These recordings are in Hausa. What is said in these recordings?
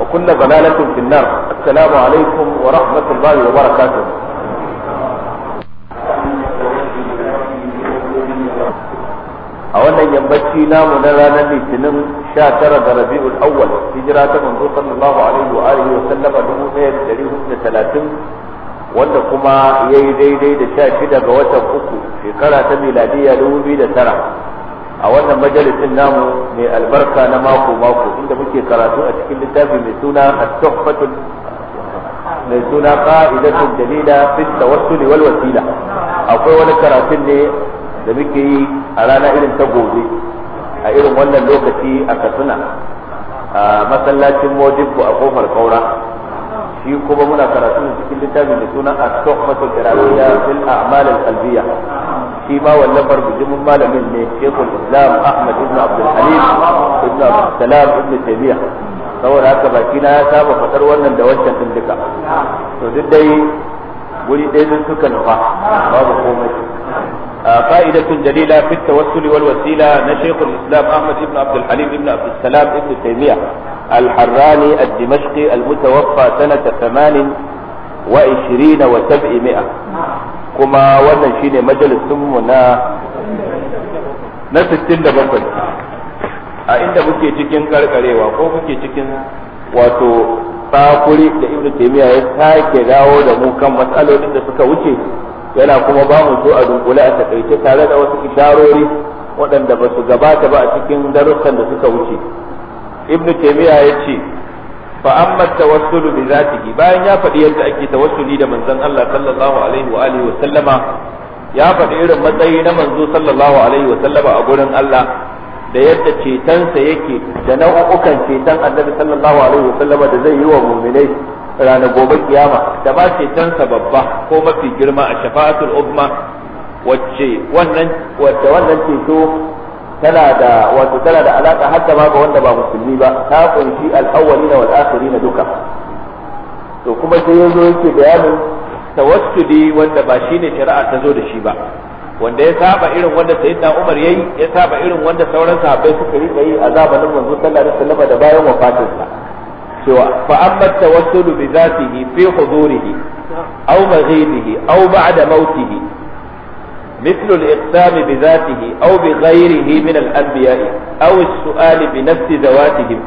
وكل ضلالة في النار السلام عليكم ورحمة الله وبركاته a wannan yammaci namu na ranar litinin sha tara ga rabi'ul awwal hijira ta manzo sallallahu alaihi wa alihi wa sallama talatin, wanda kuma ya yi daidai da sha 16 ga watan uku shekara ta miladiya tara. a wannan majalisin namu mai albarka na mako mako inda muke karatu a cikin littafi mai suna at-tuhfatul mai suna qa'idatul dalila fi tawassul wal wasila akwai wani karatun ne da muke yi a rana irin ta gobe a irin wannan lokaci a Katsina a masallacin modibu a kofar Kaura shi kuma muna karatu cikin littafi mai suna at-tuhfatul dalila fil a'mal al في والنفر بجم المالمين شيخ الإسلام أحمد بن عبد الحليم بن عبد السلام بن تيمية صور هكا باكينا يا سابا فتر وانا ندوشا تندكا تزد دي بولي دي من سكا نفا فائدة جليلة في التوسل والوسيلة نشيخ الإسلام أحمد بن عبد الحليم بن عبد السلام بن تيمية الحراني الدمشقي المتوفى سنة ثمان وعشرين وسبعمائة kuma wannan shine majalisinmu na na 67 a inda muke cikin karkarewa ko muke cikin wato tsakuri da ibnu taymiya ya sake dawo da mu kan matsalolin da suka wuce yana kuma ba mu so a dunkule a takaice tare da wasu isharori waɗanda ba su gabata ba a cikin darussan da suka wuce ibnu taymiya ya ce fa amma tawassulu bi zatihi bayan ya faɗi yadda ake tawassuli da manzon Allah sallallahu alaihi wa alihi wa sallama ya faɗi irin matsayi na manzo sallallahu alaihi wa sallama a gurin Allah da yadda cetonsa yake da nau'ukan ceton annabi sallallahu alaihi wa sallama da zai yi wa mu'minai ranar gobe kiyama da ba cetonsa babba ko mafi girma a shafa'atul umma wacce wannan wacce wannan ceto tana da wato tana da alaka har da ga wanda ba musulmi ba ta kunshi al da wal na duka to kuma sai yazo yake bayanin tawassudi wanda ba shine shari'a ta zo da shi ba wanda ya saba irin wanda sayyidina Umar yayi ya saba irin wanda sauran sahabbai suka rika yi a zamanin manzo sallallahu alaihi wasallam da bayan wafatinsa cewa fa amma tawassulu bi zatihi fi hudurihi aw maghibihi aw ba'da mautihi مثل الإقسام بذاته أو بغيره من الأنبياء أو السؤال بنفس ذواتهم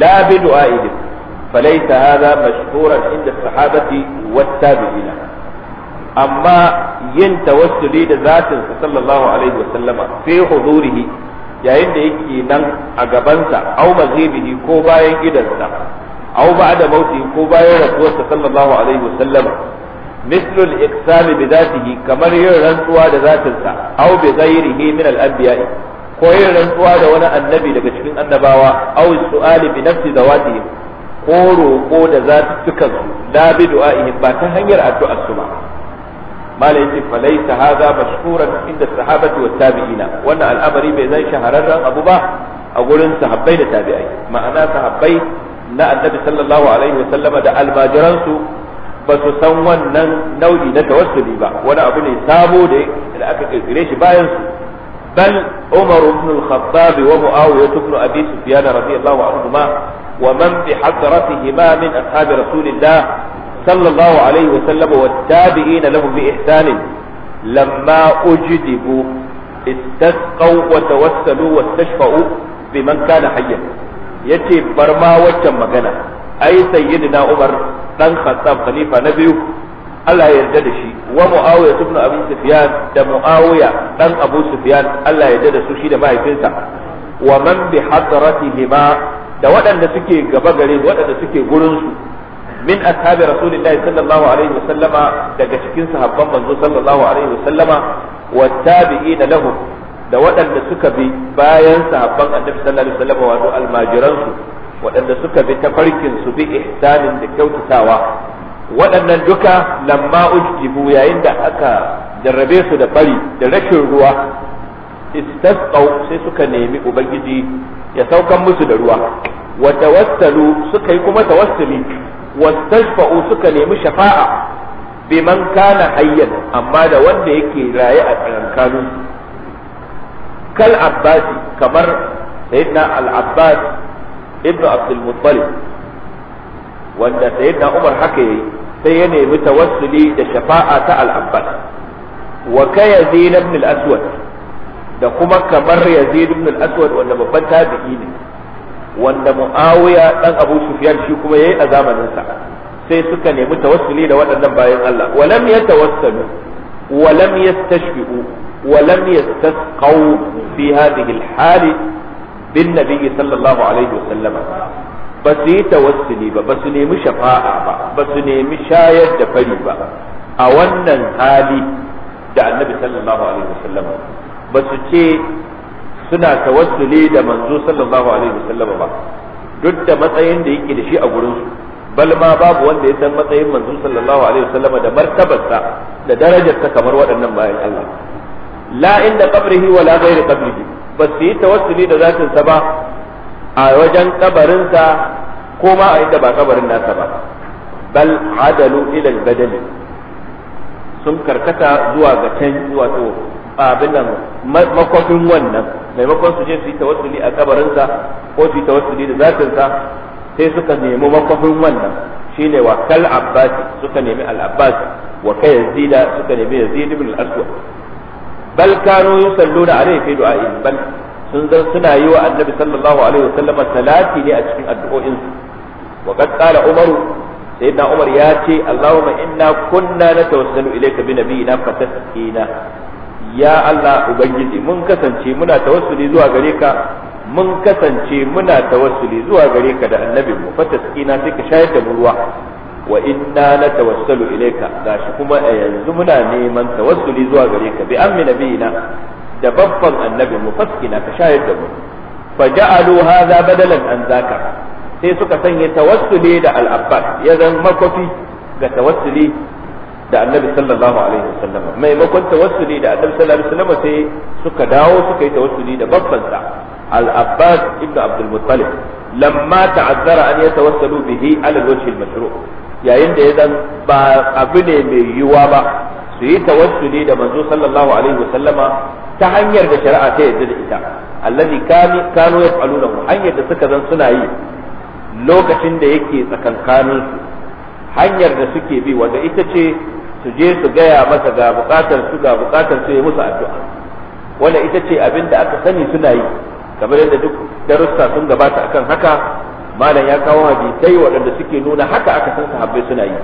لا بدعائهم فليس هذا مشهورا عند الصحابة والتابعين أما yin tawassuli da zatinsa sallallahu alaihi wasallama fi yayin da yake nan a gabansa au maghibihi ko bayan gidansa au ba'da mauti ko bayan rasuwarsa sallallahu alaihi wasallama mislul iqsami bi zatihi kamar yin rantsuwa da zatinsa aw bi ghairihi min al anbiya'i ko yin rantsuwa da wani annabi daga cikin annabawa aw su'ali bi nafsi zawatihi ko roƙo da zatukan su la bi du'a'ihim ba ta hanyar addu'a su ba mala yace falaita hadha mashhuran inda sahabati wa tabi'ina wannan al'amari bai zai shahararren abu ba a gurin sahabbai da tabi'ai ma'ana sahabbai na annabi sallallahu alaihi wa sallama da almajiransu ba su san wannan nau'i na tawassuli ba wani abu ne sabo da da aka kirkire shi bayan su bal Umar ibn al-Khattab wa Muawiya ibn Abi Sufyan radiyallahu anhuma wa man bi hadratihima min ashab Rasulillah sallallahu alaihi wa sallam wa tabi'ina lahum bi ihsan lamma ujdibu istasqaw wa tawassalu wastashfa'u biman kana hayyan yace barma waccan magana ai sayyidina Umar dan Khattab khalifa na biyu Allah ya yarda da shi wa Muawiya ibn Abi Sufyan da Muawiya dan Abu Sufyan Allah ya yarda da su shi da mahaifinsa wa man bi hadratihima da waɗanda suke gaba gare waɗanda suke gurin su min ashabi rasulillahi sallallahu alaihi wa sallama daga cikin sahabban manzo sallallahu alaihi wa sallama wa tabi'in lahum da waɗanda suka bi bayan sahabban annabi sallallahu alaihi wasallama wato almajiransu waɗanda suka bi tafarkin su bi ihsanin da kyautatawa waɗannan duka lamma ujibu yayin da aka jarrabe su da bari da rashin ruwa istasqau sai suka nemi ubangiji ya saukan musu da ruwa wa tawassalu suka yi kuma tawassuli wastashfa'u suka nemi shafa'a biman kana hayyan amma da wanda yake raye a tsakankanin kal abbasi kamar sayyidina al abbas ibnu abdul muttalib wanda da umar haka yayi sai ya nemi tawassuli da shafa'a ta al-abbas wa kayazid ibn al-aswad da kuma kamar yazid ibn al-aswad wanda babban tabi'i ne wanda muawiya dan abu sufyan shi kuma yayi a zamanin sa sai suka nemi tawassuli da waɗannan bayan Allah wa lam yatawassalu wa lam yastashfi'u wa lam yastasqau fi hadhihi al-hali bin nabiyyi sallallahu alaihi wasallama ba su yi tawassuli ba ba su nemi shafa'a ba ba su nemi shayar da fari ba a wannan hali da annabi sallallahu alaihi wasallama ba su ce suna tawassuli da manzo sallallahu alaihi wasallama ba duk da matsayin da yake da shi a gurinsu su bal ma babu wanda ya san matsayin manzo sallallahu alaihi wasallama da martabarsa da darajarsa kamar waɗannan bayan Allah la ba su yi tawassuli da zatinsa ba a wajen kabarinsa ko ma a inda ba kabarin nasa ba bal adalu ila badali sun karkata zuwa ga can wato abin nan makwafin wannan maimakon su je su yi tawassuli a kabarinsa ko su yi tawassuli da zatinsa sai suka nemi makwafin wannan shine wa kal abbasi suka nemi al abbasi wa kai yazida suka nemi yazid ibn al aswad balkanoyin kanu yusalluna alaihi fi bal sun zan suna yi wa annabi sallallahu alaihi wasallam ne a cikin addu'o'in su wa qad qala umar ya ce allahumma inna kunna natawassalu ilayka bi nabiyina fatasqina ya allah ubangiji mun kasance muna tawassuli zuwa gare ka mun kasance muna tawassuli zuwa gare ka da sai ka shayar da mu ruwa wa inna tawassalu ilayka gashi kuma a yanzu muna neman tawassuli zuwa gare ka bi ammi nabiyina da babban annabi mu faskina ka shayar da mu fa ja'alu hadha badalan an zaka sai suka sanya tawassuli da al-abbas ya zan makofi ga tawassuli da annabi sallallahu alaihi wasallam maimakon tawassuli da annabi sallallahu alaihi wasallam sai suka dawo suka yi tawassuli da babban sa al-abbas ibnu abdul muttalib lamma ta'azzara an yatawassalu bihi ala al-wajh al-mashru' yayin da ya zan ba abu ne mai yiwuwa ba su yi tawassuli da manzo sallallahu alaihi wasallama ta hanyar da shari'a ta yarda da ita allazi kanu yaf'aluna hanyar da suka zan suna yi lokacin da yake tsakankanin su hanyar da suke bi wanda ita ce su je su gaya masa ga bukatar su ga bukatar su ya musu addu'a wanda ita ce abin da aka sani suna yi kamar yadda duk darussa sun gabata akan haka malam ya kawo hadisai waɗanda suke nuna haka aka san sahabbai suna yi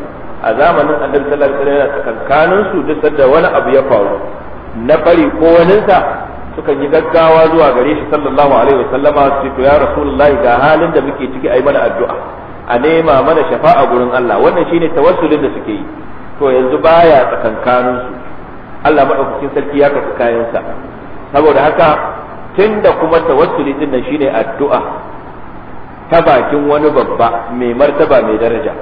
a zamanin annabi sallallahu alaihi wasallam tsakankanin su duk da wani abu ya faru na bari ko waninsa sukan yi gaggawa zuwa gare shi sallallahu alaihi wasallama su to ya rasulullahi ga halin da muke ciki ayi mana addu'a a nema mana shafa'a gurin Allah wannan shine tawassulin da suke yi to yanzu baya tsakankanin su Allah madaukakin sarki ya karɓi kayansa saboda haka tunda kuma tawassuli din nan shine addu'a ta bakin wani babba mai martaba mai daraja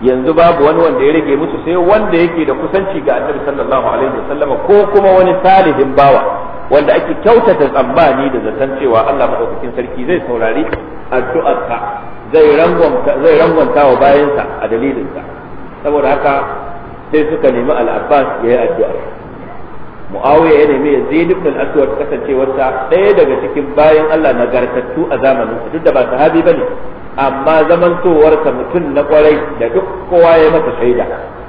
yanzu babu wani wanda ya rage musu sai wanda yake da kusanci ga annabi sallallahu alaihi wasallam ko kuma wani salihin bawa wanda ake kyautata tsammani da zaton cewa Allah madaukakin sarki zai saurari addu'arsa zai rangwanta zai rangwanta wa bayansa a dalilinsa saboda haka sai suka nemi al-Abbas yi addu'a muawiya ya nemi yazid ibn al-aswad kasancewarsa ɗaya daga cikin bayan Allah nagartattu a zamanin duk da ba sahabi bane amma zamantowarsa mutum na kwarai da duk kowa ya masa shaida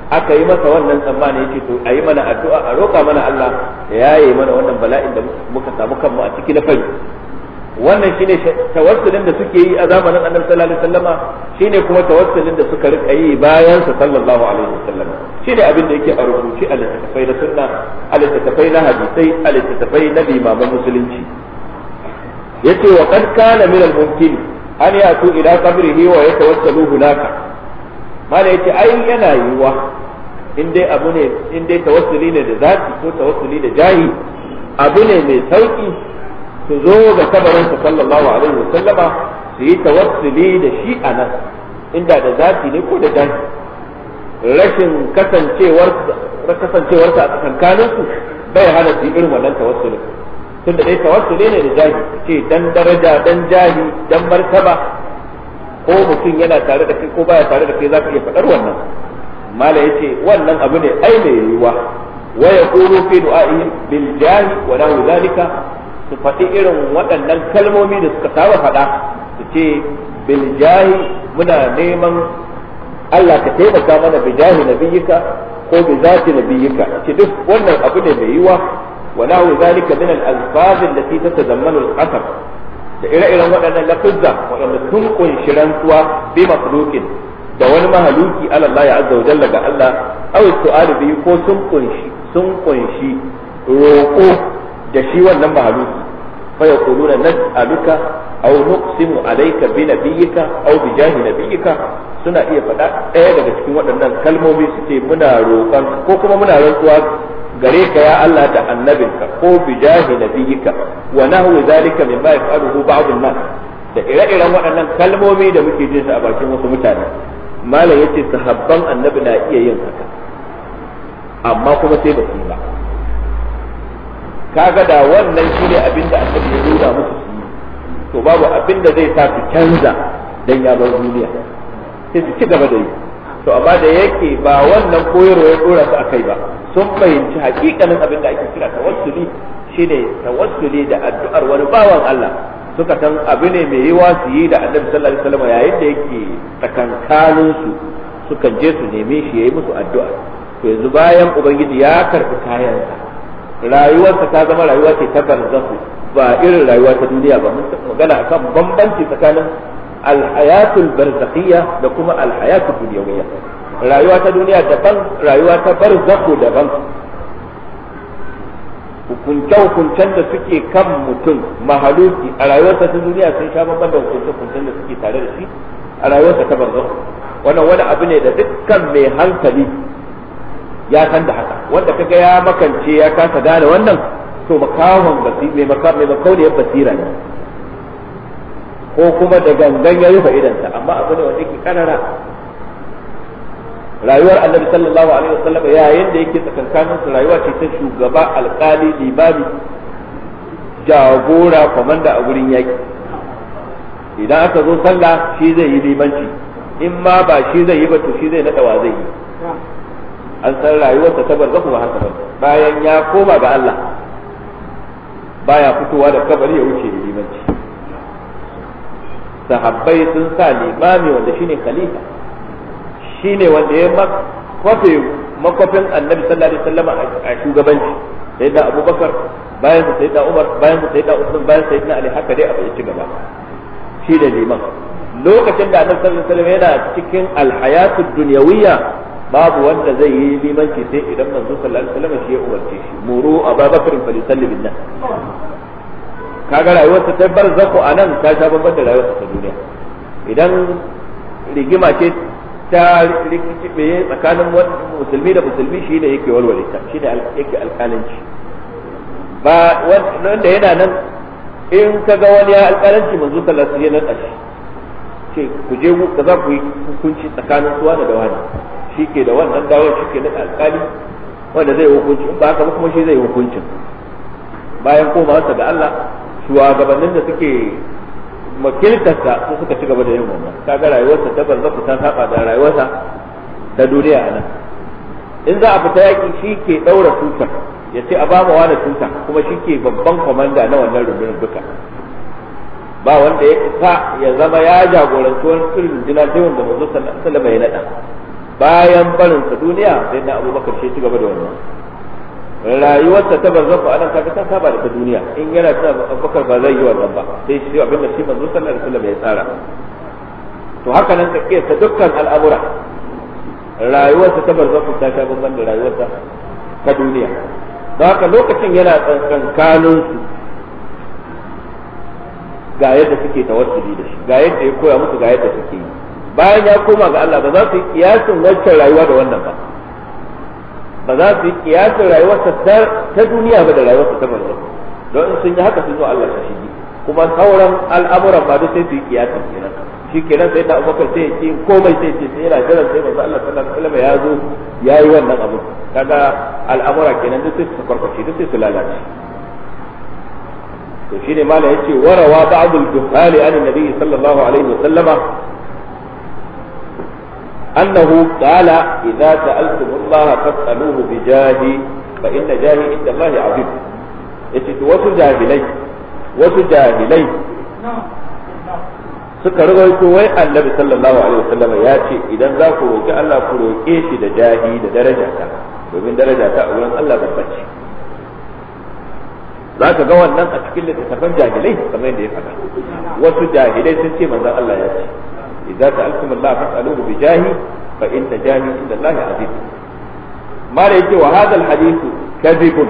aka yi masa wannan tsammani yace to ayi mana addu'a a roƙa mana Allah ya yaye mana wannan bala'in da muka samu kanmu a ciki na fari wannan shine tawassulin da suke yi a zamanin annabi sallallahu alaihi wasallama shine kuma tawassulin da suka rika yi bayan sa sallallahu alaihi wasallam shine abin da yake a rubuce a littattafai na sunna a littattafai na hadisai a littattafai na limaman musulunci yace wa qad kana min al-mumkin an yatu ila qabrihi wa yatawassalu hunaka mala yace ai yana yiwa in dai abu ne in dai tawassuli ne da zati ko tawassuli da jahi abu ne mai sauki su zo ga sa sallallahu alaihi wasallama su yi tawassuli da shi a nan inda da zati ne ko da dan rashin kasancewarsa a su bai hana su yi irin wannan tawassuli tunda dai tawassuli ne da jahi ce dan daraja dan jahi dan martaba ko mutum yana tare da kai ko baya tare da kai zaka iya faɗar wannan mala yace wannan abu ne ai mai yiwuwa wa yaqulu fi du'a'ihim bil jahi wa lahu zalika su faɗi irin waɗannan kalmomi da suka saba faɗa su ce biljahi muna neman Allah ka taimaka mana bijahi nabiyyika ko na zati nabiyyika ce duk wannan abu ne mai yiwa wa lahu zalika min al da allati tatazammanu al-qasam da ire-iren waɗannan lafizza waɗanda sun kunshi rantsuwa bi makhluqin da wani mahaluki Allah ya azza wa jalla ga Allah aw su'alu bi ko sun kunshi sun kunshi roƙo da shi wannan mahaluki fa yaquluna nas'aluka aw nuqsimu alayka bi nabiyyika aw bi jahi nabiyyika suna iya faɗa ɗaya daga cikin waɗannan kalmomi su ce muna roƙon ko kuma muna rantsuwa gare ka ya Allah da annabinka ko bi jahi nabiyyika wa nahwu zalika mimma yaf'aluhu ba'd an-nas da ire-iren waɗannan kalmomi da muke jin su a bakin wasu mutane malam yace sahabban annabi na iya yin haka amma kuma sai ba su ba kaga da wannan shine abin da aka ya nuna musu to babu abin da zai sa su canza dan ya bar duniya sai su ci gaba da yi to amma da yake ba wannan koyarwa ya dora su akai ba sun fahimci hakikanin abin da ake kira tawassuli shine tawassuli da addu'ar wani bawan Allah suka san abu ne mai yiwa su yi da annabi sallallahu alaihi wasallam yayin da yake tsakankanin su sukan je su neme shi yayi musu addu'a to yanzu bayan ubangiji ya karɓi kayansa rayuwarsa ta zama rayuwa ce ta barzakhu ba irin rayuwa ta duniya ba mun magana akan bambanci tsakanin alhayatul barzakhiyya da kuma alhayatul dunyawiyya rayuwa ta duniya daban rayuwa ta barzakhu daban hukunce-hukuncen da suke kan mutum mahaluki a rayuwarsa ta duniya sun sha bambam da hukunce-hukuncen da suke tare da shi a rayuwarsa ta barzakhu wannan wani abu ne da dukkan mai hankali ya san da haka wanda kaga ya makance ya kasa gane wannan to makahon mai makauniyar basira ne ko kuma da gangan ya yi idansa amma abu ne wanda yake kanana rayuwar annabi sallallahu alaihi wasallam yayin da yake tsakankanin su rayuwa ce ta shugaba alkali limami jagora komanda a gurin yaki idan aka zo sallah shi zai yi limanci in ma ba shi zai yi ba to shi zai nada wa zai yi an san rayuwarsa ta barzahu ba haka bayan ya koma ga Allah baya fitowa da kabari ya wuce da limanci sahabbai sun sa limami wanda shine khalifa shine wanda ya makwafe makwafin annabi sallallahu alaihi wasallam a shugabanci sai da abubakar bayan sai da umar bayan sai da usman bayan sai da ali haka dai a bai ci gaba shi da liman lokacin da annabi sallallahu alaihi wasallam yana cikin alhayatud dunyawiyya babu wanda zai yi limanci sai idan manzo sallallahu alaihi wasallam shi ya umarce shi muru ababakar fa yusalli bin nas kaga rayuwar ta barzakhu anan ta sha babban da rayuwar ta duniya idan rigima ce ta rikice tsakanin musulmi da musulmi shi ne yake walwale ta shi ne yake alƙalanci ba wanda yana nan in ka ga wani ya alƙalanci manzo sallallahu alaihi wasallam ya shi ce ku je ku za ku yi hukunci tsakanin suwa da wani shi ke da wannan dawar shi ke da alkali wanda zai hukunci ba haka kuma shi zai hukuncin bayan komawarsa ga Allah shugabannin da suke makiltarsa su suka ci gaba da yin wannan ga rayuwarsa ta ku ta saba da rayuwarsa ta duniya a nan in za a fita yaƙi shi ke ɗaura tutar ya ce a ba mu wani tutar kuma shi ke babban kwamanda na wannan rundunar duka ba wanda ya isa ya zama ya jagoranci wani irin rundunar sai wanda manzo sallallahu ya naɗa bayan barinsa duniya sai na Bakar shi ci gaba da wannan rayuwarsa ta barzan ku anan kaga ta saba da ta duniya in yana Abu abubakar ba zai yi wannan ba sai shi abin da shi manzo sallallahu alaihi wasallam ya tsara to haka nan ka kiyasta dukkan al'amura rayuwarsa ta barzan ta sha ban da rayuwarsa ta duniya don haka lokacin yana tsakankanin su ga yadda suke tawassuli da shi ga yadda ya koya musu ga yadda suke yi bayan ya koma ga Allah ba za su yi kiyasin wancan rayuwa da wannan ba ba za su yi kiyasin rayuwarsa ta duniya ba da rayuwarsa ta manzo don in sun yi haka sun yi Allah ta shigi kuma sauran al'amuran ba duk sai su yi kiyasin kenan shi kenan sai da Abubakar sai ya ce komai sai ce sai yana sai manzo Allah sallallahu alaihi ya zo ya yi wannan abu kaga al'amura kenan duk sai su karkace duk sai su lalace to shine malai yace warawa ba'dul dukhali an nabi sallallahu alaihi wasallama أنه قال إذا سألتم الله فاسألوه بجاهي فإن جاهي عند الله عظيم يجد wasu jahilai wasu jahilai suka rawaito wai annabi sallallahu alaihi wasallam ya ce idan za ku roki Allah ku roke shi daraja ta domin daraja ta a Allah babban ce za ka ga wannan a cikin littattafan jahilai kamar ya faɗa wasu jahilai sun ce manzon Allah ya ce إذا سألتم الله فاسألوه بجاه فإن جاهي عند الله عزيز ما رأيك وهذا الحديث كذب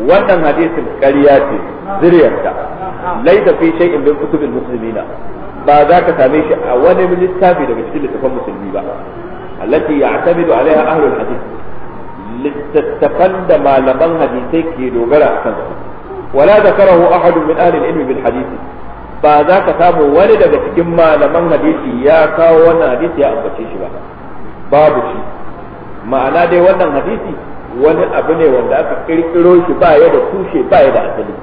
وأن الحديث كريات ذريته ليس في شيء من كتب المسلمين بعدك تاميش أول من التابد بشكل تفهم مسلمين التي يعتمد عليها أهل الحديث لتتقند ما لمن حديثيك يدوغر ولا ذكره أحد من أهل العلم بالحديث ba za ka samu wani daga cikin malaman hadisi ya kawo wannan hadisi ya ambace shi ba babu shi ma'ana dai wannan hadisi wani abu ne wanda aka kirkiro shi ba ya da tushe ba ya da asali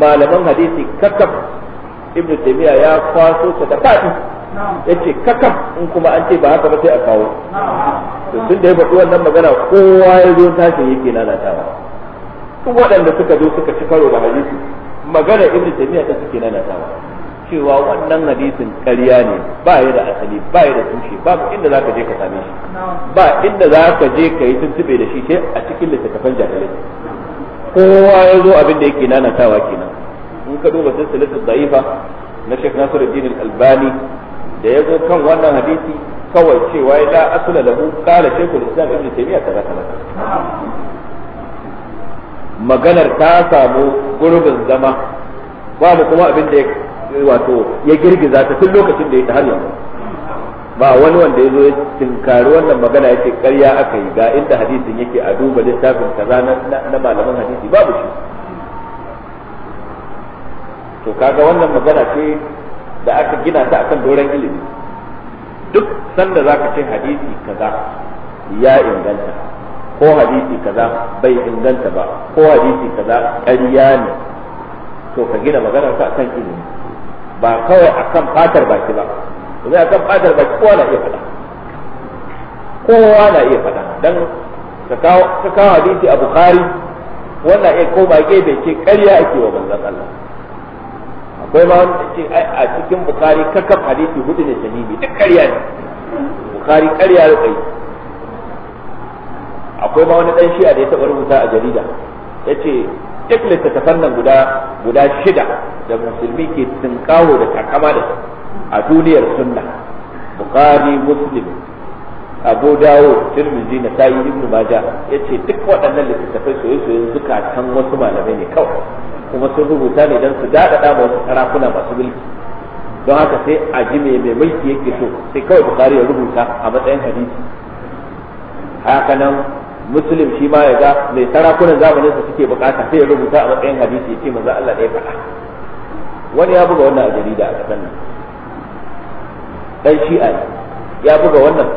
malaman hadisi kakaf ibnu taymiya ya kwaso ta da fadi yace kakaf in kuma an ce ba haka ba sai a kawo to tun da ya faɗi wannan magana kowa ya zo tashi yake lalatawa duk waɗanda suka zo suka ci karo da hadisi magana ibnu taymiya ta suke lalatawa cewa wannan hadisin ƙarya ne ba ya da asali ba ya da tushe ba inda za ka je ka same shi ba inda za ka je ka yi tuntube da shi ce a cikin littattafan jahilai kowa ya zo abin da yake nanatawa kenan in ka duba silsilatu za'ifa na Sheikh Nasiruddin Al-Albani da ya zo kan wannan hadisi kawai cewa ya da asula lahu qala Sheikhul Islam Ibn Taymiyyah kaza kaza maganar ta samu gurbin zama babu kuma abin da ya wato ya girgiza ta tun lokacin da ya ta har yanzu ba wani wanda ya zo ya tinkari wannan magana ya ce karya aka yi ga inda hadisin yake a duba littafin kaza na malaman hadisi babu shi to kaga wannan magana ce da aka gina ta akan doron ilimi duk sanda zaka ce hadisi kaza ya inganta ko hadisi kaza bai inganta ba ko hadisi kaza ƙarya ne to ka gina magana ta akan ilimi ba kawai akan fatar baki ba domin kan fatar baki kowa na iya faɗa kowa na iya faɗa dan ka kawo hadisi a bukhari wannan ya baƙe bai ce ƙarya ake wa manzon Allah akwai ma wanda ce a cikin bukhari kakaf hadisi hudu ne sahihi duk ƙarya ne bukhari ƙarya ya kai akwai ma wani dan shi'a da ya taɓa rubuta a jarida yace duk ta fannin guda guda shida da musulmi ke tunkawo da takama da a duniyar sunna bukhari muslim abu dawo tirmidhi na sayi ibnu maja yace duk waɗannan littattafai soyayyen zukatan wasu malamai ne kawai kuma sun rubuta ne don su daɗaɗa ma wasu sarakuna masu mulki don haka sai a ji mai mai mulki yake so sai kawai bukari ya rubuta a matsayin hadisi haka muslim shi ma ya ga mai sarakunan zamanin sa suke bukata sai ya rubuta a matsayin hadisi ya ce manzo Allah ɗaya faɗa wani ya buga wannan a jarida a kasan nan dan shi'a ya buga wannan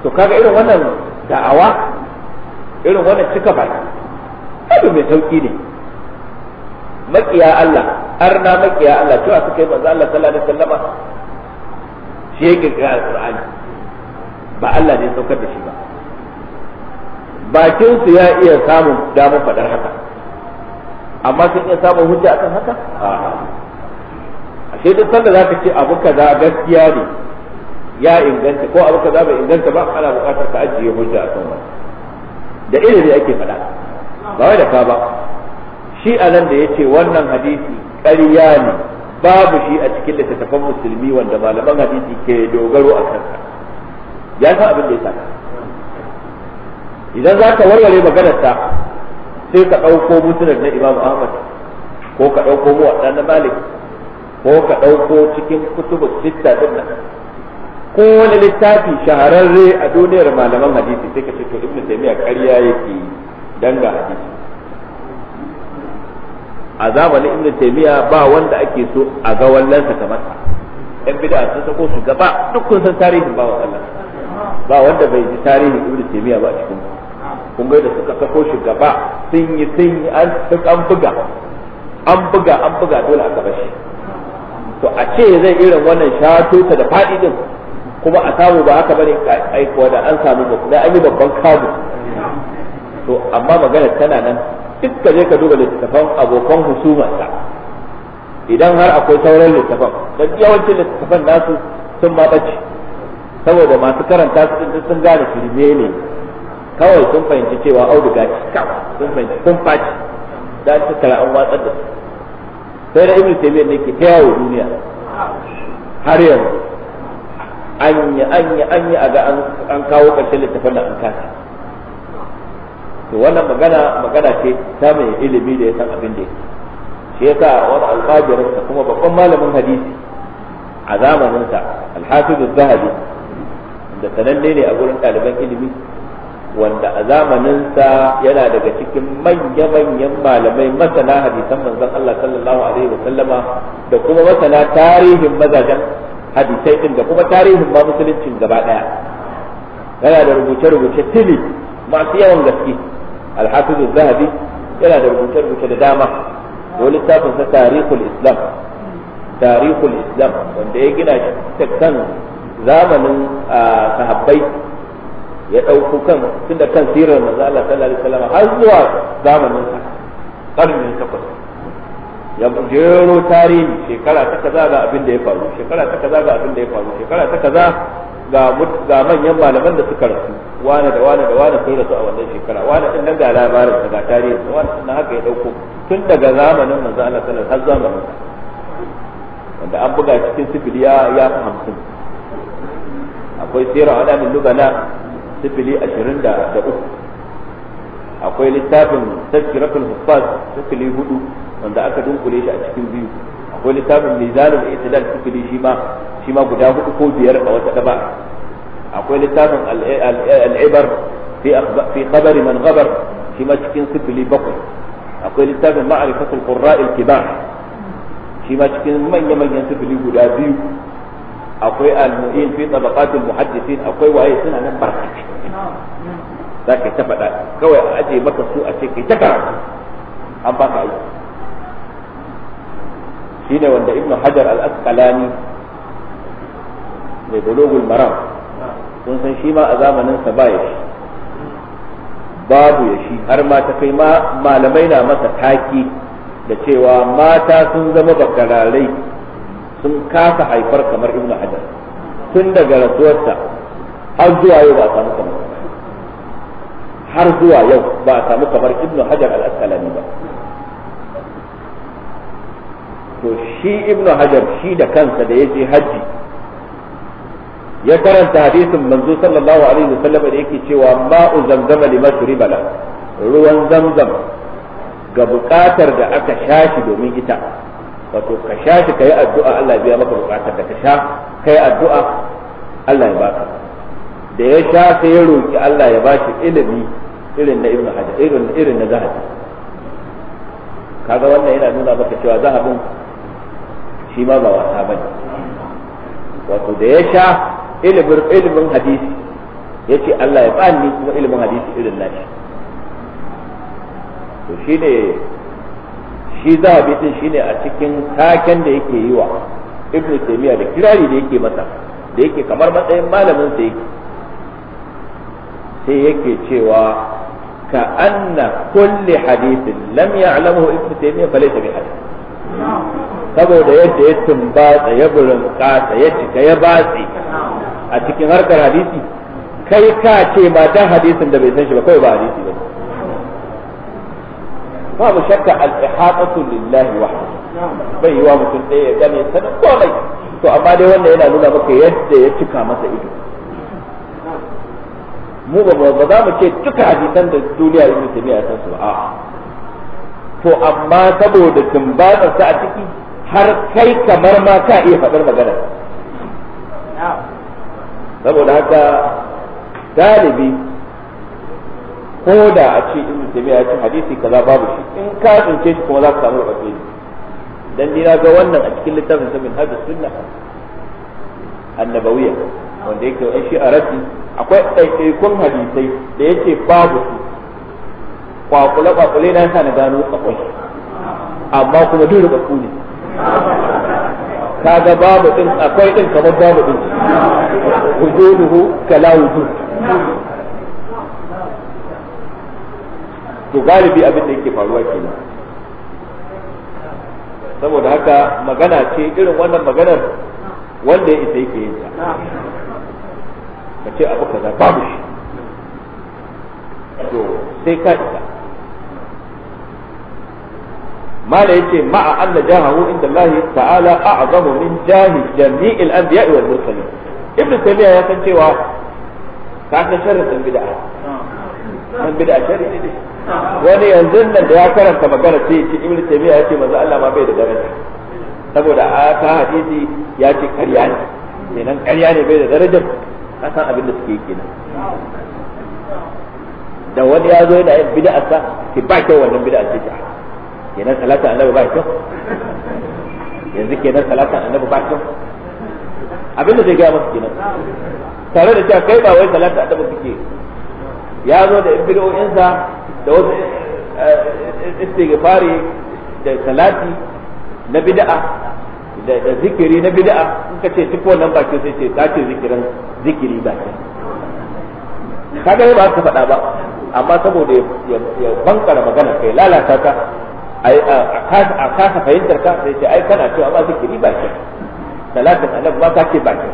to kaga irin wannan da'awa irin wannan cika baki abu mai sauki ne makiya Allah arna makiya Allah cewa suka yi manzo Allah sallallahu alaihi wasallama shi ya kirkira alqur'ani ba Allah ne saukar da shi ba bakin su ya iya samun damar faɗar haka amma sun iya samun hujja akan haka shi duk sanda zaka ce abu kaza gaskiya ne ya inganta ko abu kaza bai inganta ba ana buƙatar ka ajiye hujja akan wani da ilimi ake faɗa ba wai da ka ba shi anan da ya ce wannan hadisi ƙarya ne babu shi a cikin littattafan musulmi wanda malaman hadisi ke dogaro a kansa ya san abin da ya saka idan za ka warware maganar ta sai ka ɗauko musnad na imam ahmad ko ka ɗauko muwaɗa na malik ko ka ɗauko cikin kutubu sita din nan ko wani littafi shahararre a duniyar malaman hadisi sai ka ce to ibnu taymiya ƙarya yake danga hadisi a zamanin ibnu taymiya ba wanda ake so a ga wallansa kamar sa ɗan bid'a sun sako su gaba duk san tarihin wa Allah ba wanda bai ji tarihin ibnu taymiya ba a cikin kun ga da suka kaso shi gaba sun yi sun yi an duk an buga an buga an buga dole aka shi to a ce zai irin wannan shato ta da faɗi din kuma a samu ba haka bane ko da an samu ba da an yi babban kamu to amma magana tana nan duk ka je ka duba littattafan abokan husumarsa idan har akwai sauran littattafan dan yawancin littattafan nasu sun ma bace saboda masu karanta su sun gane firme ne kawai sun fahimci cewa auduga ce kawai sun fahimci sun faci da ta tara an watsar da su. sai da ibnu taymiyyah ne ke tayawo duniya har yanzu anya anya anya a ga an kawo ƙarshen littafin da an kasa to wannan magana magana ce ta mai ilimi da ya san abin da yake shi yasa wani alfajirin sa kuma babban malamin hadisi a zamaninsa sa al-hafiz az-zahabi da sananne ne a gurin ɗaliban ilimi wanda a zamaninsa yana daga cikin manya-manyan malamai masana hadisan manzon Allah sallallahu alaihi wa sallama da kuma masana tarihin mazajen hadisai din da kuma tarihin ba musuluncin gaba daya yana da rubuce-rubuce tili masu yawan gaske alhafiz zahabi yana da rubuce-rubuce da dama wani littafin sa tarihul islam tarihul islam wanda ya gina shi kan zamanin ah, sahabbai ya ɗauko kan tunda kan sirar manzo Allah sallallahu alaihi wasallam har zuwa zamanin sa karni takwas ya jero tarihi shekara ta kaza ga abin da ya faru shekara ta kaza ga abin da ya faru shekara ta kaza ga ga manyan malaman da suka rasu wani da wani da wani sun rasu a wannan shekara wani din nan ga labarin ga tarihi wani din haka ya ɗauko tun daga zamanin manzo Allah sallallahu alaihi wasallam har zamanin wanda an buga cikin sifili ya fi hamsin akwai tsira waɗannan lugana sifili ashirin da uku akwai littafin tazkiratul huffaz sifili hudu wanda aka dunkule shi a cikin biyu akwai littafin mizanul itidal sifili shi ma shi ma guda hudu ko biyar a wata daba akwai littafin al'ibar fi khabari man gabar shi ma cikin sifili bakwai akwai littafin ma'arifatul qurra'il kibar shi ma cikin manya-manyan sifili guda biyu akwai al-mu'in fi tabaqatil muhaddisin akwai waye suna nan za zaka ta faɗa kawai a aje maka su a ce kai ta karatu an baka aiki shine wanda ibnu hajar al-asqalani mai bulugul maram sun san shi ma a zamanin sa ba ya shi babu ya shi har ma ta kai ma malamai na masa taki da cewa mata sun zama bakararai sun kasa haifar kamar ibnu hajar tun daga rasuwarta har zuwa yau ba a samu kamar har zuwa yau ba a samu kamar ibnu hajar al-asqalani ba to shi ibnu hajar shi da kansa da yaje haji ya karanta hadisin manzo sallallahu alaihi wasallam da yake cewa ma'u zamzama limashribala ruwan zamzam ga bukatar da aka shashi domin ita wato ka sha shi ka yi addu'a Allah ya biya maka bukatar da ka sha ka yi addu'a Allah ya baka da ya sha sai ya roƙi Allah ya ba shi ilimi irin na ibnu hajar irin irin na zahabi kaga wannan yana nuna maka cewa zahabin shi ma ba wasa bane wato da ya sha ilimin ilimin hadisi ya ce Allah ya bani kuma ilimin hadisi irin na shi to shine shi za a zahabi shi ne a cikin taken da yake yi wa Ibn taymiya da kirari da yake masa da yake kamar matsayin malamin sa yake sai yake cewa ka anna kulli hadithin lam ya'lamuhu ibnu taymiya falaysa bi hadith saboda yadda ya tumbatsa ya burin kasa ya cika ya batsi a cikin harkar hadisi kai ka ce ma dan hadisin da bai san shi ba kawai ba hadisi ba babu shakka al ihadatu lillahi wahdahu bai yi wa mutum ɗaya ya gane sanin komai to amma dai wannan yana nuna maka yadda ya cika masa ido mu ba ba za mu ce cika hadisan da duniya ibnu taymiya ta su a'a to amma saboda tumbatsar sa a ciki har kai kamar ma ka iya faɗar magana saboda haka galibi ko da a ce ibnu taymiya ya ce hadisi kaza babu shi in ka tsince shi kuma za ka samu rabe dan ni na ga wannan a cikin littafin sa min hadis sunna annabawiyya wanda yake wa shi arabi akwai ɗaiɗaikun hadisai da yake babu su kwakule kwakule na sa na gano akwai amma kuma duk ku ne kaga babu din akwai din kamar babu din wujuduhu kala wujud to galibi abin da yake faruwa kenan saboda haka magana ce irin wannan maganar wanda ya isa yake yin ta ka ce abu kaza babu shi to sai ka isa mala yace ma'a anna jahahu inda Allah ta'ala a'zamu min jahi jami'il anbiya wal mursalin ibnu taymiya ya san cewa ka san sharrin bid'a an bid'a sharri ne wani yanzu nan da ya karanta magana sai ya ce ibnu taymiya ya ce manzo Allah ma bai da daraja saboda a ta hadisi ya ce karya ne kenan karya ne bai da daraja ka san abin da suke kenan da wani ya zo yana yin bid'a sa ki ba kyau wannan bid'a ce ta kenan salatu annabi ba kyau yanzu kenan salatu annabi ba kyau abin da zai ga musu kenan tare da cewa kai ba wai salatu annabi kike ya zo da ibnu insa da wasu eh, istighfari da salati na bid'a da zikiri na bid'a in ka ce duk wannan baki sai ce ka ce zikirin zikiri ba ka ga ba ka faɗa ba amma saboda ya bankara magana kai lalata ka a kasa fahimtar ka sai ce ai kana cewa ba zikiri ba ce salatin annabi ba ka ce ba ce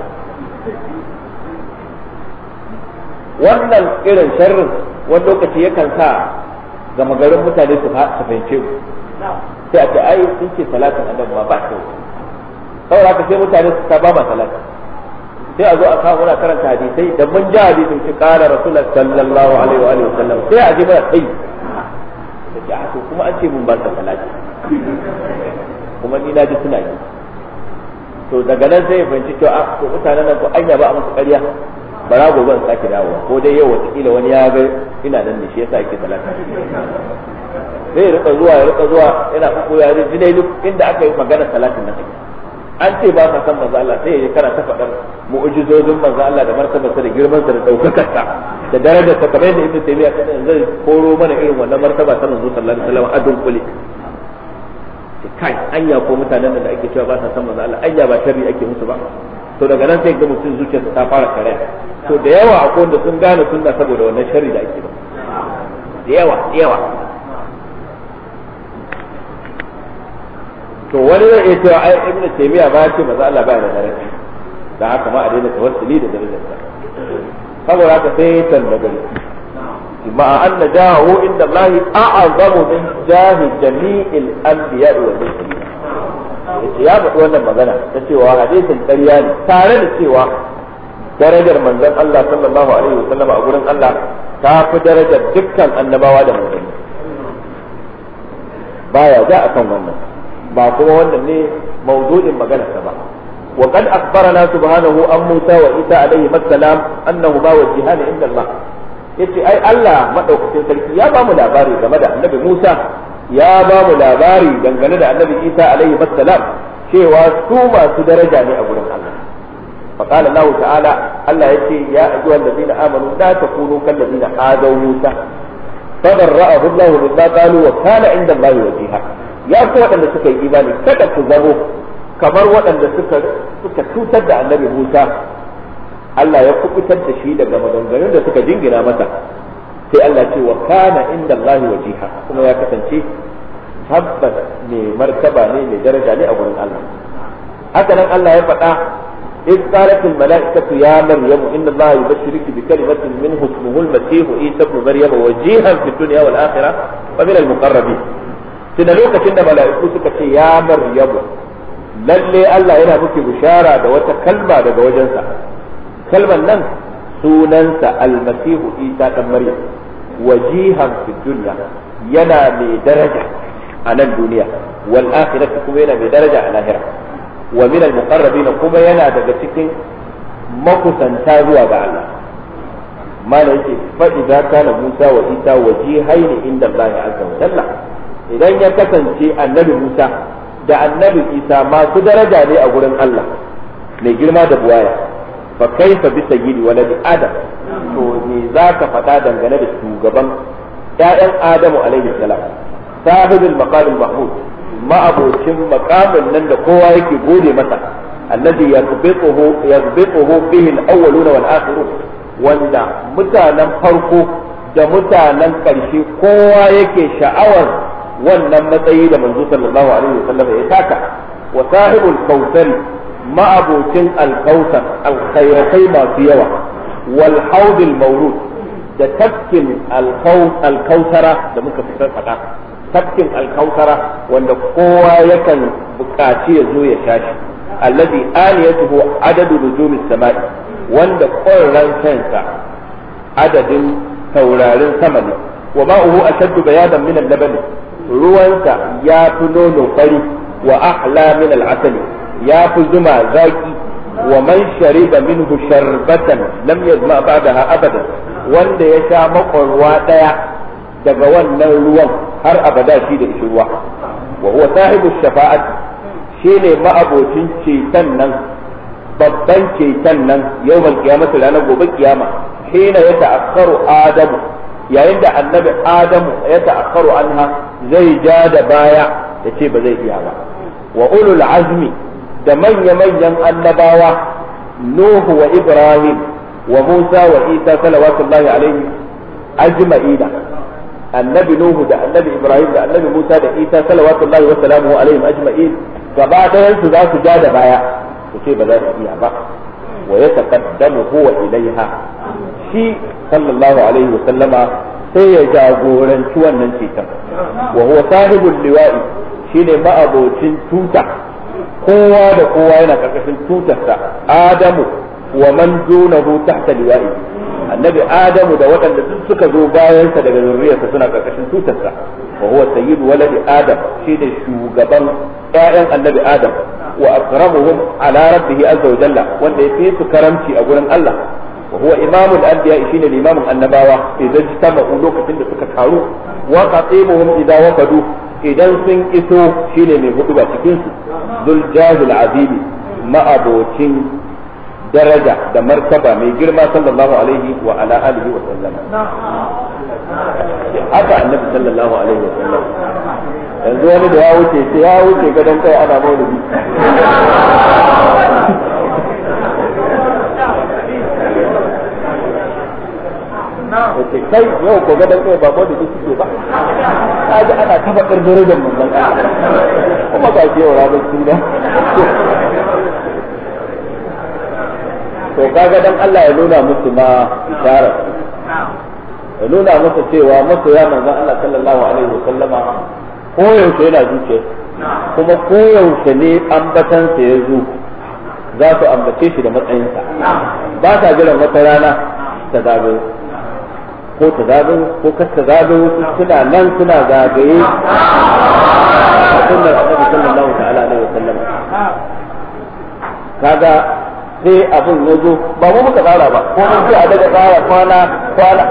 wannan irin sharrin wani lokaci yakan sa gama garin mutane su fahimce ku sai a ce ai sun ce salatin adam ba ba kyau saboda haka sai mutane su ta ba ma salatin sai a zo a kawo muna karanta hadisai da mun ji hadisin ki kara rasulullah sallallahu alaihi wa alihi wasallam sai a ji mana kai da a ah, to kuma an ce mun ba ta salati kuma ni na ji suna yi to daga nan sai ya fahimci cewa ah, to mutanen nan ko anya ba a musu ƙarya ba na gobe in sake dawowa ko dai yau watakila wani ya ga ina nan ne shi yasa yake talata sai ya rika zuwa ya rika zuwa yana ko ya ji dai duk inda aka yi magana talatin na nan an ce ba ka san manzo Allah sai ya kana ta faɗar mu'jizozin manzo Allah da martabar sa da girman sa da daukakar sa da darajar sa kamar yadda Ibn Taymiyyah zai koro mana irin wannan martaba ta manzo sallallahu alaihi wasallam adun kuli kai anya ko mutanen da ake cewa ba sa san manzo Allah anya ba sharri ake musu ba to daga nan zai ga mutum zuciyarsa ta fara kare to da yawa akwai wanda sun gane sunna saboda wannan sharri da ake ba da yawa da yawa to wani zai iya cewa ai ibnu taymiya ba ce maza Allah ba da daraja da haka ma a daina tawassuli da darajar sa saboda haka sai tallabari مع أن inda Allah الله أعظم من جاه جميع الأنبياء والمرسلين yace ya faɗi wannan magana ta cewa hadisin ƙarya ne tare da cewa darajar manzon Allah sallallahu alaihi wasallam a gurin Allah ta fi darajar dukkan annabawa da manzanni baya da akan wannan ba kuma wannan ne mawdu'in maganarsa ba وقد أخبرنا سبحانه عن موسى وعيسى عليهما السلام أنهما وجهان عند الله yace ai Allah madaukakin sarki ya ba mu labari game da annabi Musa ya bamu labari dangane da annabi isa alaihi wasallam cewa su masu daraja ne a gurin allah faƙala allahu ta'ala allah ya ce ya ajiyar da zina amanu da ta kuno kan da zina hadon musa fadar ra'ahu allahu da zaɓalu wa kana inda allahu wa jiha ya fi waɗanda suka yi imani kada ku zamo kamar waɗanda suka suka tutar da annabi musa allah ya kuɓutar da shi daga maganganun da suka jingina masa sai Allah ce wa kana inda Allah wajiha kuma ya kasance tabbas mai martaba ne mai daraja ne a gurin Allah haka nan Allah ya faɗa إذ قالت الملائكة يا مريم إن الله يبشرك بكلمة منه اسمه المسيح عيسى ابن مريم وجيها في الدنيا والآخرة ومن المقربين. tunda lokacin da mala'iku suka ce ya maryamu lalle Allah yana muke bishara da wata kalma daga wajensa kalmar nan sunansa almasihu isa ɗan maryam wajihan fi dunya yana mai daraja a nan duniya wal akhirati kuma yana mai daraja a lahira wa min al muqarrabin kuma yana daga cikin makusanta zuwa ga Allah mana yake fa idza kana Musa wa Isa wajihain inda Allah azza wa jalla idan ya kasance annabi Musa da annabi Isa masu daraja ne a gurin Allah mai girma da buwaya fa kaifa bi sayyidi waladi adam to me zaka faɗa dangane da shugaban ƴaƴan adamu alaihi salam sahibul makamin mahmud ma'abocin maqamin nan da kowa yake gode masa alladhi yaghbituhu yaghbituhu bihi al-awwaluna wal akhirun wanda mutanen farko da mutanen ƙarshe kowa yake sha'awar wannan matsayi da manzo sallallahu alaihi wasallam ya taka wa sahibul kautsari ma'abocin alkautar alkhairatai masu yawa walhaudul haudil maulud da tafkin alkautara da muka fitar faɗa tafkin alkautara wanda kowa yakan buƙaci ya zo ya sha shi alladhi aliyatuhu adadu nujumis sama'i wanda ƙwarran sansa adadin taurarin sama ne wa ma'uhu ashaddu bayadan min al-laban ruwansa ya fi nono fari wa ahla min al-asali ya fi zuma zaki wa man shariba minhu sharbatan lam yazma ba'daha abada wanda ya sha makwarwa daya daga wannan ruwan har abada shi da shi ruwa wa huwa sahibu shafa'at shine ma'abocin ceton nan babban ceton nan yawmal qiyamati ranar gobe kiyama hina ya ta'akkaru adamu yayin da annabi adamu ya ta'akkaru anha zai ja da baya ya ce ba zai iya ba wa ulul azmi da manya-manyan annabawa Nuhu wa Ibrahim wa Musa wa Isa salawatullahi alaihi ajma'ina annabi Nuhu da annabi Ibrahim da annabi Musa da Isa salawatullahi wa salamuhu alaihim ajma'in gaba ɗayan su za su ja da baya su ce ba za su iya ba wa ya taqaddamu huwa ilaiha shi sallallahu alaihi wa sallama sai ya jagoranci wannan ceton wa huwa sahibul liwa'i shine ma'abocin tuta kowa da kowa yana karkashin tutarsa adamu wa man dunahu tahta liwa'i annabi adamu da waɗanda duk suka zo bayansa daga zurriyarsa suna karkashin tutarsa wa huwa sayyidu waladi adam shi ne shugaban ƴaƴan annabi adam wa akramuhum ala rabbihi azza wa jalla wanda ya fi su karamci a gurin Allah wa huwa imamul anbiya ne limamin annabawa idan jtama lokacin da suka taru wa qatibuhum idza wafadu idan sun iso shine mai hudu ba cikinsu su zul jahil azimi ma'abocin daraja da martaba mai girma sallallahu alaihi wa ala alihi wa sallama haka annabi sallallahu alaihi wa sallam yanzu wani da ya wuce sai ya wuce gadon kai ana maulidi yace kai yau ko gaban kai ba da kike ba kaji ana kafa karbare da manzon kuma ga ke yau ranar suna to kaga dan Allah ya nuna musu ma isharar ya nuna musu cewa masoya manzon Allah sallallahu alaihi wa sallama ko yaushe yana zuciya kuma ko yaushe ne ambatansa ya zo za su ambace shi da matsayinsa ba sa jiran wata rana ta zagayo ko ta gado ko kar ta gado suna nan suna zagaye a sunnar annabi sallallahu ta'ala alaihi wasallam kaga sai abin ya zo ba mu muka tsara ba ko mun ji a daga tsara kwana kwana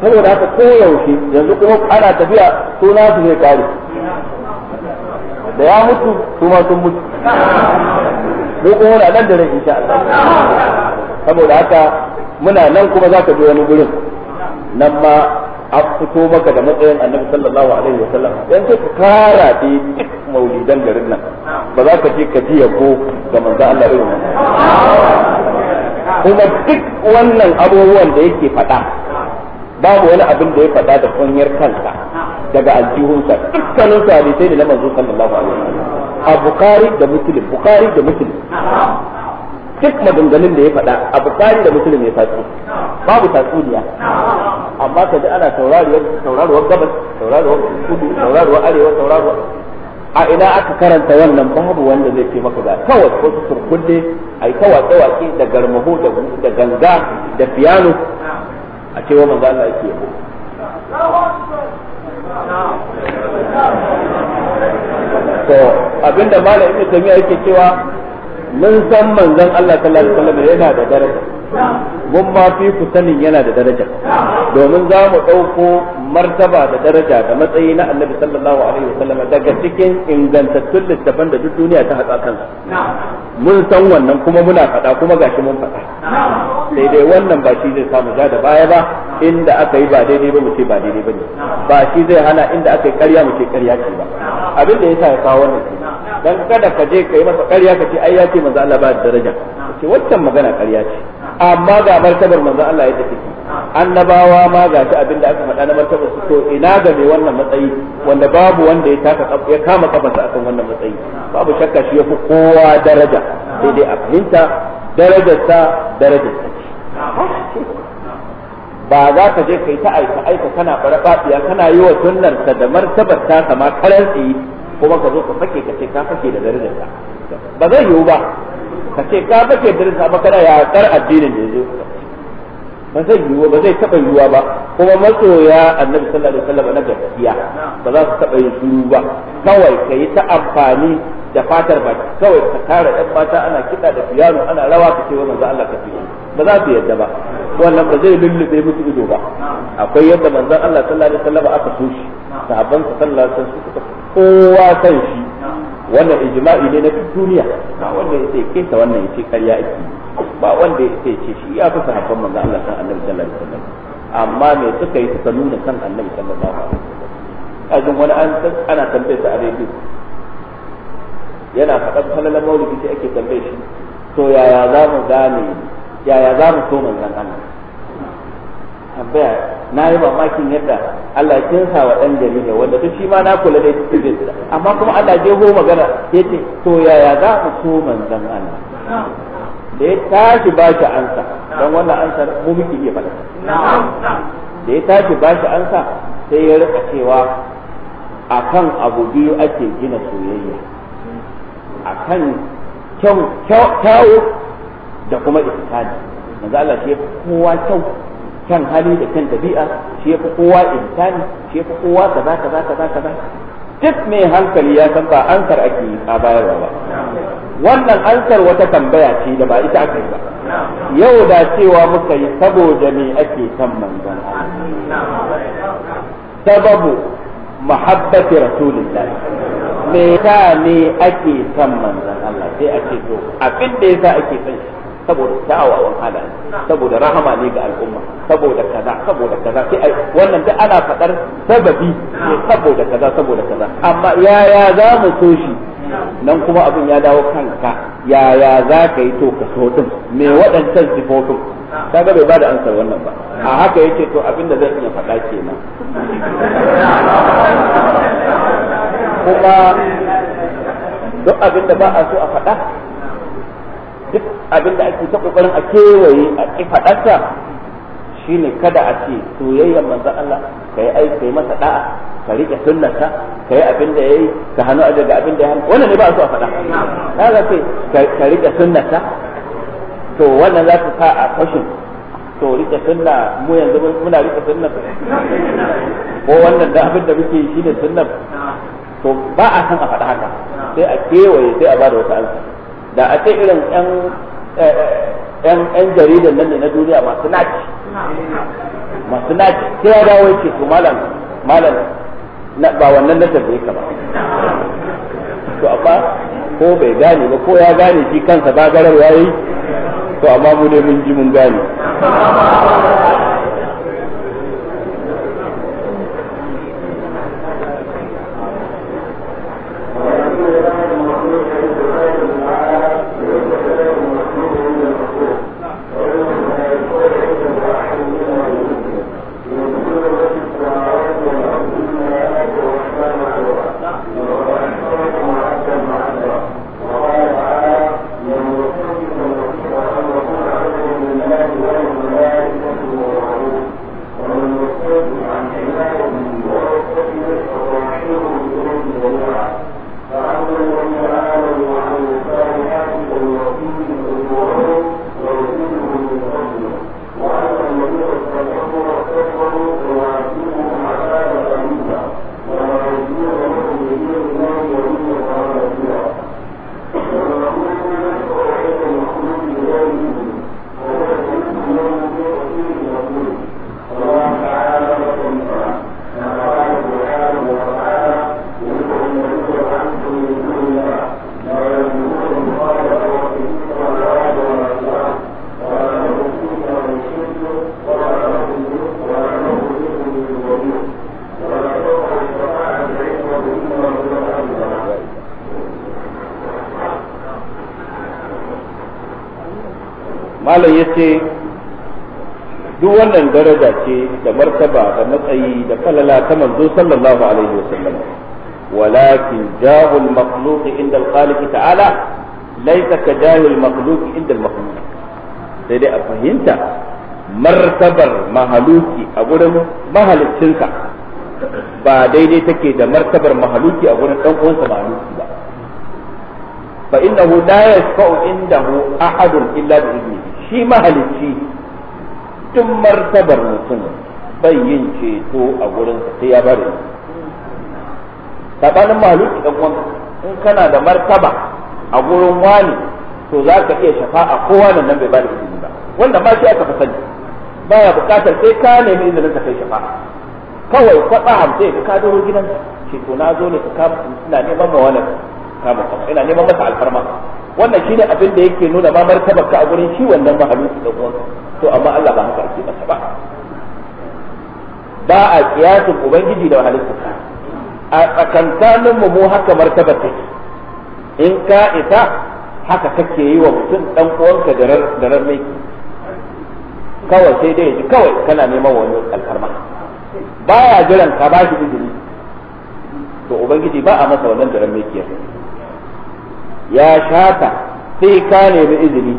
saboda haka ko yaushe yanzu kuma ana tafiya suna su ne kare da ya mutu su ma sun mutu ko kuma nan da rai insha Allah saboda haka muna nan kuma za ka je wani gurin nan ma a fito maka da matsayin annabi sallallahu alaihi wa sallam dan sai ka kara da duk maulidan garin nan ba za ka je ka ji yabo ga manzo Allah irin nan kuma duk wannan abubuwan da yake faɗa babu wani abin da ya faɗa da kunyar kansa daga aljihunsa dukkanin sa sai da na manzo sallallahu alaihi wa sallam a bukari da muslim bukari da muslim duk maganganun da ya faɗa a bukari da musulun ya faɗi babu tatsuniya amma ka ji ana sauraruwar gabas sauraruwar kudu sauraruwar arewa sauraruwar a ina aka karanta wannan babu wanda zai ce maka ga kawai ko su surkulle a yi watsa da garmaho da ganga da fiyano, a cewa manzo Allah yake yabo to abinda malam ibnu tamiya yake cewa mun san manzon Allah sallallahu alaihi wasallam yana da daraja mun ma fi ku sanin yana da daraja domin za mu ɗauko martaba da daraja da matsayi na annabi sallallahu alaihi wasallam daga cikin ingantattun littafan da duk duniya ta haɗa kansa mun san wannan kuma muna faɗa kuma gashi mun faɗa sai dai wannan ba shi zai samu ja da baya ba inda aka yi ba daidai ba mu ce ba daidai ba ne ba shi zai hana inda aka yi ƙarya mu ce ƙarya ce ba abin da ya sa ya kawo wannan dan kada ka je kai masa ƙarya ka ce ai ya ce manzo Allah ba da daraja ce waccan magana ƙarya ce amma ga martabar manzo Allah yadda take annabawa ma ga shi abin da aka faɗa na martabar su to ina ga me wannan matsayi wanda babu wanda ya taka ya kama kafarsa akan wannan matsayi babu shakka shi yafi kowa daraja sai dai a fahimta darajarsa darajarsa ba za ka je kai ta aika aika kana bara kana yi wa sunnar da martabar ta kama karanci kuma ka zo ka fake ka ce ka fake da ka ba zai yiwu ba ka ce ka fake da darajar ba kana yaƙar addinin da yazo ba zai yiwu ba zai taɓa yiwuwa ba kuma masoya annabi sallallahu alaihi wasallam na gaskiya ba za su taɓa yin shiru ba kawai ka yi ta amfani da fatar ba kawai ka tara ɗan mata ana kiɗa da fiyano ana rawa ka ce wa manzo Allah ka fiye ba za su yadda ba wannan ba zai lullube musu ido ba akwai yadda manzon Allah sallallahu alaihi wasallam aka so shi sahabban sallallahu alaihi wasallam suka kowa kan shi wannan ijma'i ne na duk duniya ba wanda ya ce kesa wannan ya ce karya ake ba wanda ya ce shi ya fi sahabban manzo Allah kan annabi sallallahu alaihi wasallam amma me suka yi suka nuna kan annabi sallallahu alaihi wasallam kajin wani an ana tambaye sa a rediyo yana faɗan falalan maulidi sai ake tambaye shi to yaya za mu gane yaya za mu so manzon Allah tambaya na yi mamakin yadda Allah ya kinsa wa dan jarida wanda ta shi ma na kula da shi zai amma kuma Allah je ho magana ce to yaya za mu so manzon Allah da ya tashi ba shi ansa don wannan ansa mu muke iya faɗa da ya tashi ba shi ansa sai ya rika cewa akan abu biyu ake gina soyayya akan kyau kyau da kuma ihsani manzo Allah ce kowa kyau kan hali da kan dabi'a shi yafi kowa insani shi yafi kowa kaza kaza kaza kaza duk mai hankali ya san ba ansar ake a bayarwa ba wannan ansar wata tambaya ce da ba ita aka yi ba yau da cewa muka yi saboda me ake san manzon sababu mahabbati rasulillah me ta ne ake san manzon Allah sai a ce to abin da yasa ake san shi saboda kyawawan halaye saboda rahama ne ga al'umma saboda kaza saboda kaza sai ai wannan duk ana fadar sababi ne saboda kaza saboda kaza amma yaya za mu so shi nan kuma abin ya dawo kanka yaya za ka yi to ka so din me waɗancan sifofin kaga bai bada ansar wannan ba a haka yake to abin da zan iya faɗa kenan kuma duk abin da ba a so a faɗa duk abin da ake ta kokarin a kewaye a kifadarsa shine kada a ce soyayya manzo Allah kai ai kai masa da'a ka rike sunnarsa kai abin da yayi ka hanu a daga abin da ya wannan ne ba su a faɗa na ga sai ka rike sunnarsa to wannan za ta sa a fashin to rike sunna mu yanzu muna rike sunna ko wannan da abin da muke yi shine sunna to ba a san a faɗa haka sai a kewaye sai a bada wata alƙawari da a ce irin yan eh, eh, jaridan nan ne na duniya masu naci masu naci sai ya dawo yake to malam malam ba wannan na tafiye ka ba to amma ko bai gane ba ko ya gane shi kansa ba garar yayi to amma mu ne mun ji mun gane malam ya ce duk wannan daraja ce da martaba da matsayi da falala ta manzo sallallahu alaihi wasallam walakin jahul makhluq inda al-khaliq ta'ala laysa ka jahil makhluq inda al-makhluq sai dai a fahimta martabar mahaluki a gurin mahalicinka ba daidai take da martabar mahaluki a gurin dan uwansa mahaluki ba fa innahu la yasfa'u indahu ahadun illa bi idnihi shi mahalicci tun martabar mutum bai yin ceto a gurin sai ya bari sabanin mahalicci dan uwan in kana da martaba a gurin wani to za ka iya shafa'a kowa nan nan bai bada izini ba wannan ma shi aka fasani baya buƙatar sai ka nemi izinin ka kai shafa. kawai kwatsa hamsin ka ka doro gidan shi na zo ne ka kama ina neman mawanar kama ina neman masa alfarma wannan shi ne abin da yake nuna ma martabarka a gurin shi wannan su da uwanka to amma Allah ba haka ake masa ba ba a kiyasin ubangiji da halittarsa a tsakankanin mu haka martabar take in ka isa haka kake yi wa mutum dan uwanka da rarrai kawai sai dai ya ji kawai kana neman wani alfarma baya jiran ka ba shi izini to ubangiji ba a masa wannan da rarrai ya shata sai ka nemi izini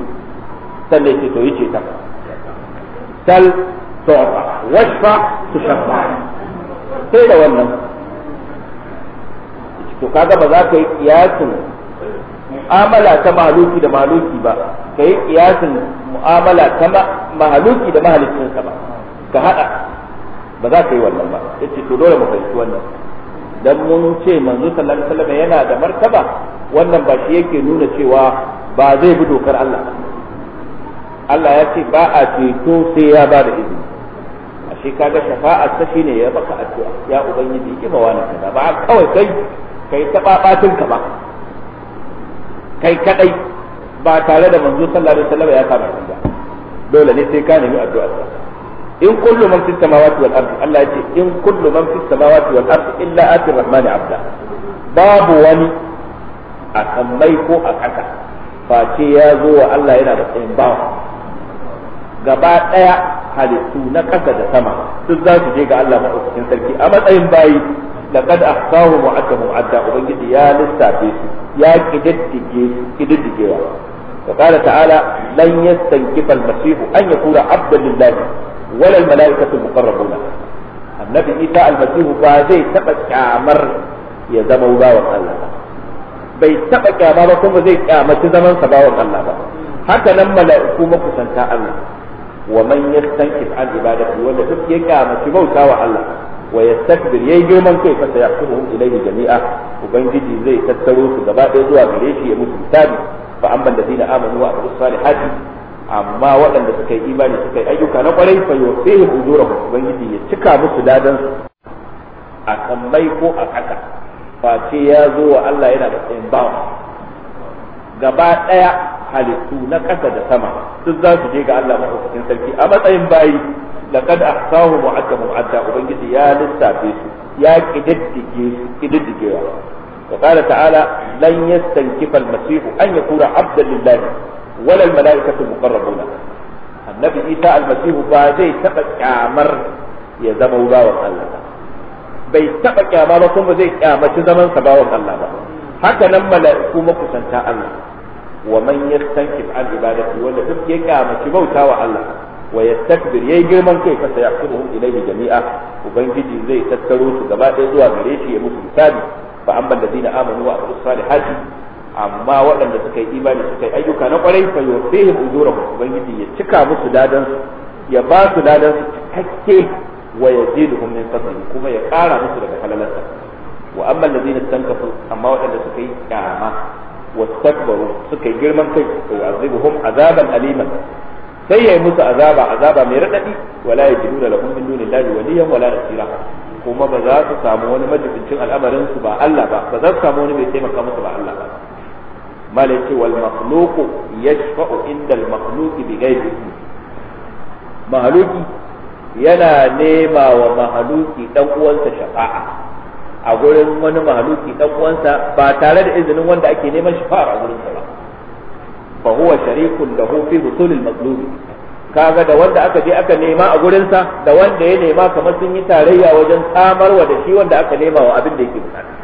sannan ce to yace ce ta sal tu'ta washfa shafa sai da wannan to kaga ba za ka yi kiyasin mu'amala ta mahaluki da mahaluki ba ka yi kiyasin mu'amala ta mahaluki da mahalicinsa ba ka hada ba za ka yi wannan ba yace to dole mu fahimci wannan dan mun ce manzo sallallahu alaihi wasallam yana da martaba wannan ba shi yake nuna cewa ba zai bi dokar Allah Allah ya ce ba a ceto sai ya ba da izini ashe kaga shafa'a ta shine ya baka addu'a ya ubangiji ki ba wani kaza ba kawai kai kai ta ka ba kai kadai ba tare da manzo sallallahu alaihi wasallam ya kama ba dole ne sai ka nemi addu'a in kullu man fis samawati wal ardi Allah ya ce in kullu man fis samawati wal ardi illa ati rahmani abda babu wani a sammai ko a ƙasa face ya zo wa Allah yana da tsayin bawa gaba ɗaya halittu na ƙasa da sama duk za su je ga Allah maɗaukakin sarki a matsayin bayi laqad ahsahum wa atahum adda ubangiji ya lissafe su ya kididdige kididdigewa ta'ala تعالى لن يستنكف المسيح an يكون عبدا لله ولا الملائكة المقربون النبي إيتاء المسيح فازي تبكى كامر يا زم الله وقال بيت تبكى ما بكم زي كامة زمن سبا وقال الله حتى لما لا أكون مقصن ومن يستنكف عن عبادته ولا تبكي كامة موتا وقال ويستكبر يا من كيف سيحشرهم إليه جميعا وبين جدي زي تتروس وقبائل وقريش مسلم بالتالي فأما الذين آمنوا وعملوا الصالحات amma waɗanda suka yi imani suka yi ayyuka na ƙwarai fa huzura ujurahum ubangiji ya cika musu dadan su a kammai ko a ƙasa ce ya zo wa Allah yana da tsayin gaba ɗaya halittu na ƙasa da sama duk za su je ga Allah maɗaukakin sarki a matsayin bayi laqad ahsahu wa akamu adda ubangiji ya lissafe su ya kididdige su kididdigewa wa ta'ala lan yastankifa al-masih an yakuna abdan lillahi ولا الملائكة المقربون النبي إيساء المسيح بازي تبك كامر يا زمو با وقال بي تبك كامر ثم زي عمر زمن سبا وقال حتى نما لأكوم قسن تأمن ومن يستنكف عن عبادته ولا تبكي كامة كموتا وقال ويستكبر يا جرمان كيف سيحكمهم إليه جميعا وبين وبنجد زي تتروس وقبائل وغريش يموت بسادي فأما الذين آمنوا وأخذوا الصالحات amma waɗanda suka yi imani suka yi ayyuka na ƙwarai fa yufihim ujurahum ubangiji ya cika musu ladan su ya ba su ladan su cikakke wa yaziduhum min fadli kuma ya ƙara musu daga halalansa wa amma allazina tankafu amma waɗanda suka yi kyama wastakbaru suka yi girman kai fa yu'azibuhum azaban aliman sai ya yi musu azaba azaba mai raɗaɗi wala yajiduna lahum min dunillahi waliyan wala nasira kuma ba za su samu wani majibincin al'amarin su ba Allah ba ba za su samu wani mai taimaka musu ba Allah ba malai ce wal makhluqu yashfa'u inda al mahaluki yana nema wa mahaluki dan uwansa shafa'a a gurin wani mahaluki dan uwansa ba tare da izinin wanda ake neman shafa'a a gurin ba fa huwa sharikun lahu fi husul kaga da wanda aka bi aka nema a gurin sa da wanda ya nema kamar sun yi tarayya wajen samarwa da shi wanda aka nema wa abin da yake bukata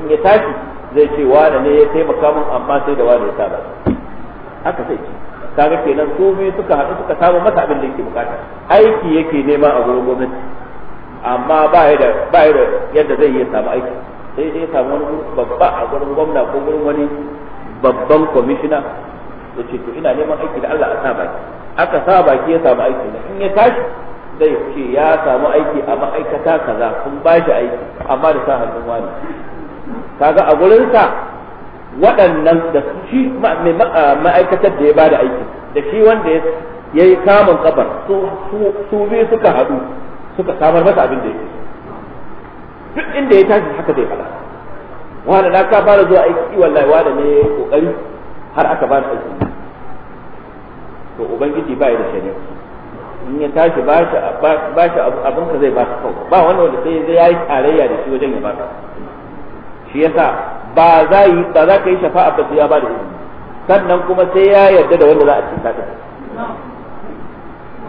in ya tashi zai ce wane ne ya taimaka min amma sai da wane ya saba haka sai ce kaga kenan su biyu suka haɗu suka samu masa abin da yake bukata aiki yake nema a gurin gwamnati amma ba ya da ba ya da yadda zai iya samu aiki sai dai ya samu wani babba a gurin gwamna ko gurin wani babban kwamishina ya ce to ina neman aiki da Allah a sa baki aka sa baki ya samu aiki in ya tashi zai ce ya samu aiki a ma'aikata kaza kun ba shi aiki amma da sa hannun wani kaga a gurinsa waɗannan da shi ma'aikatar da ya bada aikin da shi wanda ya yi kamun kafar su biyu suka haɗu suka samar masa abin da ya ke. duk inda ya tashi haka zai faɗa wanda na ka fara zuwa aiki wallahi wani ne kokari har aka bani aiki to ubangiji ba ya da shari'a in ya tashi ba shi abin ka zai ba su kawai ba wanda wanda sai ya yi tarayya da shi wajen ya ba su shi yasa ba za yi ba za ka yi shafa'a ba sai ya ba da izini sannan kuma sai ya yarda da wanda za a ce ta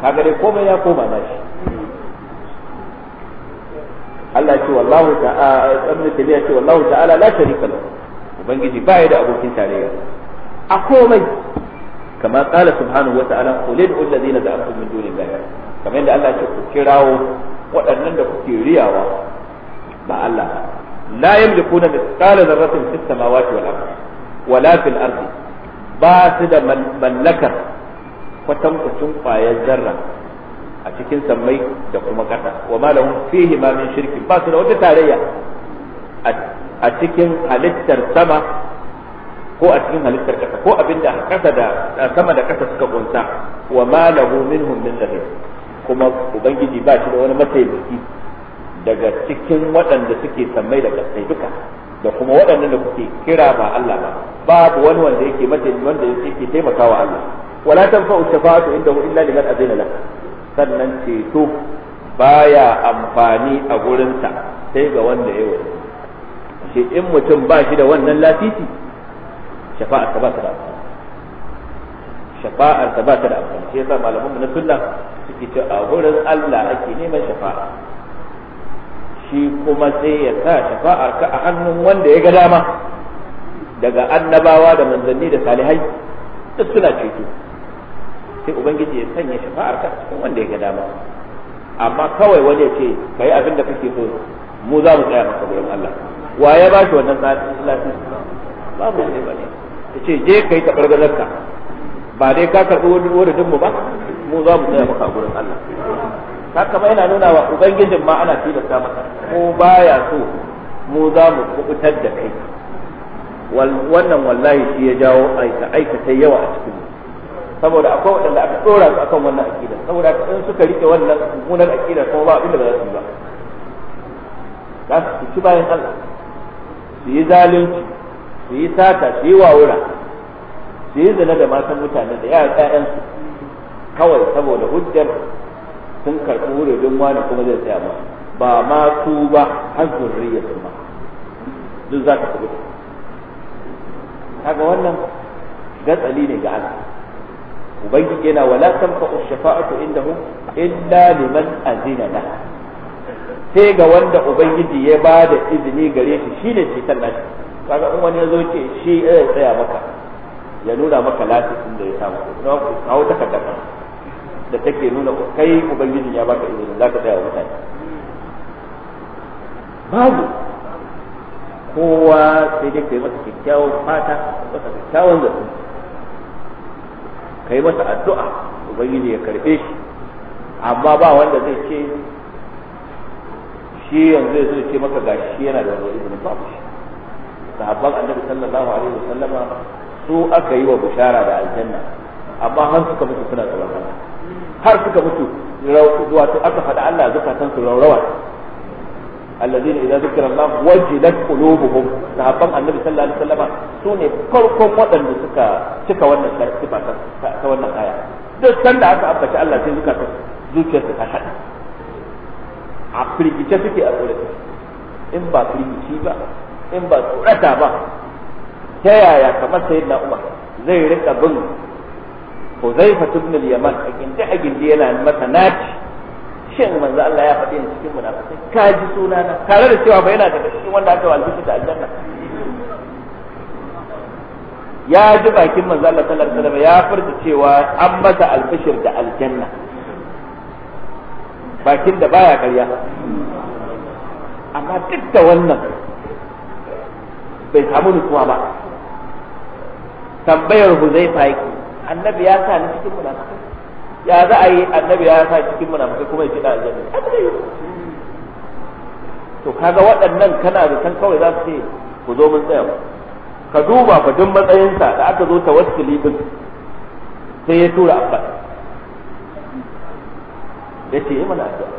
kaga dai komai ya koma na shi Allah ce wallahu ta'ala ibn tabiya ce wallahu ta'ala la sharika lahu ubangiji ba ya da abokin tarayya a komai kama qala subhanahu wa ta'ala qul id'u alladhina za'amtum min dunillahi kamar yadda Allah ce ku kirawo waɗannan da kuke riyawa ba Allah la yamlikuna mithqala dharratin fis samawati wal ardi wala fil ardi ba su da mallakar kwatankwacin kwayar zarra a cikin sammai da kuma ƙasa wa ma lahum fihi ma min ba su da wata tarayya a cikin halittar ko a cikin halittar da sama da ƙasa suka kunsa wa ma lahu minhum min zahir kuma ubangiji ba shi da wani mataimaki daga cikin waɗanda suke sammai da kasai duka da kuma waɗanda da kuke kira ba Allah ba babu wani wanda yake mata wanda yake taimakawa Allah wala tanfa'u shafa'atu indahu illa liman azina lahu sannan ceto baya amfani a gurinsa sai ga wanda ya wani shi in mutum ba shi da wannan lafisi shafa'ar ba ta da amfani shafa'ar ta ba ta da amfani shi yasa malaman mu na sunna suke ce a gurin Allah ake neman shafa'a shi kuma sai ya sa shafa'ar ka a hannun wanda ya ga dama daga annabawa da manzanni da salihai duk suna ceto sai ubangiji ya sanya shafa'ar ka cikin wanda ya ga dama amma kawai wani ya ce ka yi abin da kake so mu za mu tsaya maka gurin Allah wa ya ba shi wannan lafi mu ne ba ne ya ce je kai yi bargazarka ba dai ka karɓi wani wuridin mu ba mu za mu tsaya maka gurin Allah haka ma yana nuna wa ubangijin ma ana tilasta masa ko baya so mu za mu kubutar da kai wannan wallahi shi ya jawo aika aikata yawa a cikin saboda akwai waɗanda aka tsora su akan wannan aƙidar saboda in suka rike wannan munar aƙidar kuma ba abin da ba za su yi ba za su ci bayan Allah su yi zalunci su yi sata su yi wawura su yi zina da matan mutane da yaran ƴaƴansu kawai saboda hujjar sun karɓi don wani kuma zai tsaya musu ba ma su ba har zurriya su ma duk za ka kuɓuta kaga wannan gatsali ne ga Allah ubangiji yana wala tanfa'u shafa'atu indahu illa liman azina la sai ga wanda ubangiji ya ba da izini gare shi shine ceton nashi kaga in wani ya zo ce shi eh, ya tsaya maka ya nuna maka lafisin da ya samu kawo takardar da take nuna kai ubangiji ya baka izini za ka tsaya mutane babu kowa sai dai kai masa kyakkyawan fata masa kyakkyawan zato kai masa addu'a ubangiji ya karbe shi amma ba wanda zai ce shi yanzu ya ce maka gashi yana da wani izini babu shi sahabban annabi sallallahu alaihi wa sallama su aka yi wa bushara da aljanna amma har suka mutu suna tsoron Allah har suka mutu zuwa wato aka faɗa Allah zakatan su raurawa alladheena idza zikra Allah wajilat qulubuhum sahabban annabi sallallahu alaihi wasallam sune farkon wadanda suka cika wannan sifa ta wannan aya duk sanda aka ambaci Allah sai zakatan zuciyarsu ta hada a firgice suke a tsore tsorace in ba firgici ba in ba tsorata ba ta yaya kamar sayyidina Umar zai rika bin Huzaifa ibn al-Yaman a a gindi yana masa naci shin manzo Allah ya faɗi ni cikin munafikai ka ji sunana tare da cewa ba yana daga cikin wanda aka walbishi da aljanna ya ji bakin manzo Allah sallallahu alaihi wasallam ya furta cewa an masa albishir da aljanna bakin da baya karya amma duk da wannan bai samu nutsuwa ba tambayar huzaifa yake annabi ya sa ni cikin munafikai ya za a yi annabi ya sa cikin munafikai kuma ya ci da aljanna to kaga waɗannan kana da san kawai za su ce ku zo mun tsaya ka duba fa duk matsayinsa da aka zo tawassuli din sai ya tura abba ya ce yi mana addu'a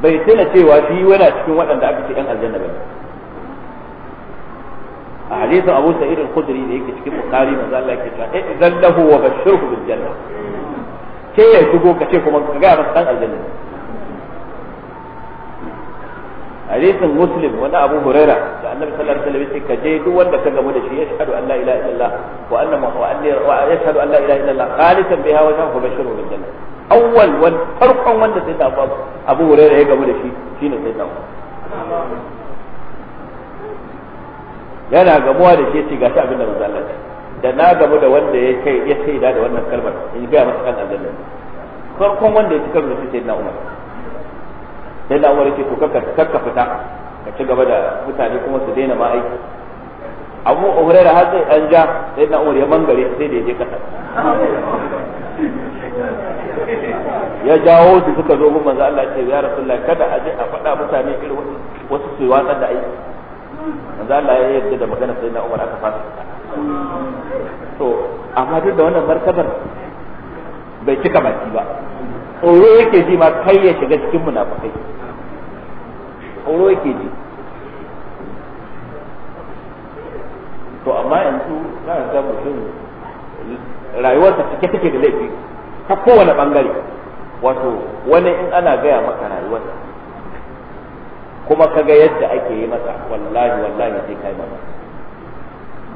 bai tuna cewa shi yana cikin waɗanda aka ce ɗan aljanna ba a hadisin Abu Sa'id al-Khudri da yake cikin Bukhari manzo Allah yake cewa eh idan lahu wa bashirhu bil janna ke ya shigo kace kuma ka ga masa dan aljanna hadisin Muslim wani Abu Huraira da Annabi sallallahu alaihi wasallam yake ka je duk wanda ka gamu da shi ya shahadu an la ilaha illallah wa anna muhammadan wa yashhadu an la ilaha illallah khalisan biha wa shahu bashirhu bil janna awwal wal farkon wanda sai ta Abu Huraira ya gamu da shi shine sai ta yana gamuwa da shi ga shi abin da manzo Allah da na gamu da wanda ya kai ya sai da wannan kalmar in ga masa kan aljanna farkon wanda ya ci karo da shi sai na Umar sai na Umar yake to kakka kakka fita ka ci gaba da mutane kuma su daina ma aiki abu hurairah har sai an ja sai na Umar ya mangare sai da ya je kasa ya jawo su suka zo mun manzo Allah ya ce ya rasulullah kada a je a faɗa mutane irin wasu su watsar da aiki manzo Allah ya yarda da magana sai na Umar aka ta. to amma duk da wannan martabar bai cika baki ba tsoro yake ji ma kai ya shiga cikin munafikai tsoro yake ji to amma yanzu za ka ga mutum rayuwarsa cike take da laifi ta kowane bangare wato wani in ana gaya maka rayuwarsa kuma kaga yadda ake yi masa wallahi wallahi sai kai mana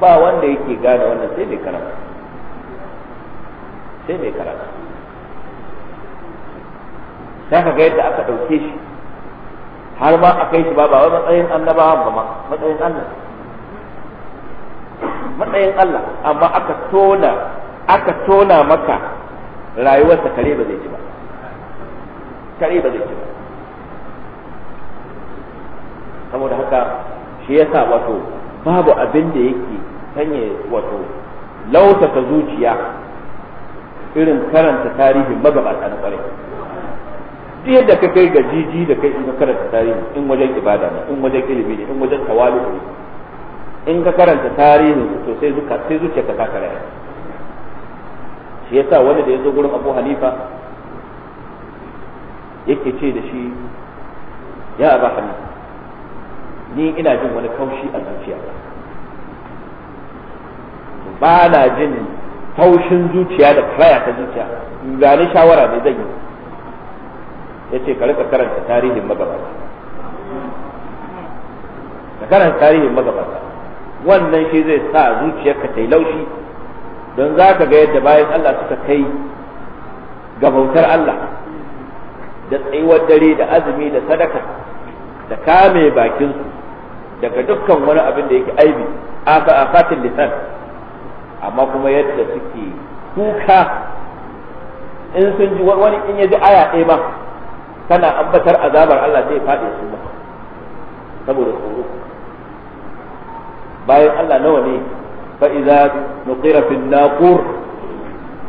ba wanda yake gane wannan sai mai karatu sai mai karatu sai kaga yadda aka ɗauke shi har ma akai shi ba ba wai matsayin annabawan ba ma matsayin Allah matsayin Allah amma aka tona aka tona maka rayuwarsa kare ba zai ci ba kare ba zai ci ba saboda haka shi yasa wato babu abin da yake sanya wato lautata zuciya irin karanta tarihin magabata na kwarai duk yadda ka kai ga jiji da kai in ka karanta tarihi in wajen ibada ne in wajen ilimi ne in wajen tawali ne in ka karanta tarihin to sai zuka sai ka ka karaya shi yasa wanda da yazo gurin Abu Hanifa yake ce da shi ya Abu Hanifa ni ina jin wani kaushi a zuciyata ba na jin taushin zuciya da karaya ta zuciya ga ni shawara ne zan yi ya ce ka rika karanta tarihin magabata ka karanta tarihin magabata wannan shi zai sa zuciyarka ta yi laushi don za ka ga yadda bayan Allah suka kai ga Allah da tsayuwar dare da azumi da sadaka da kame bakinsu daga dukkan wani abin da yake aibi a fatin lisan amma kuma yadda suke kuka in sun ji wani in ya ji aya ɗaya ma kana ambatar azabar Allah zai faɗi su ba saboda tsoro bayan Allah nawa ne fa idza nuqira fi naqur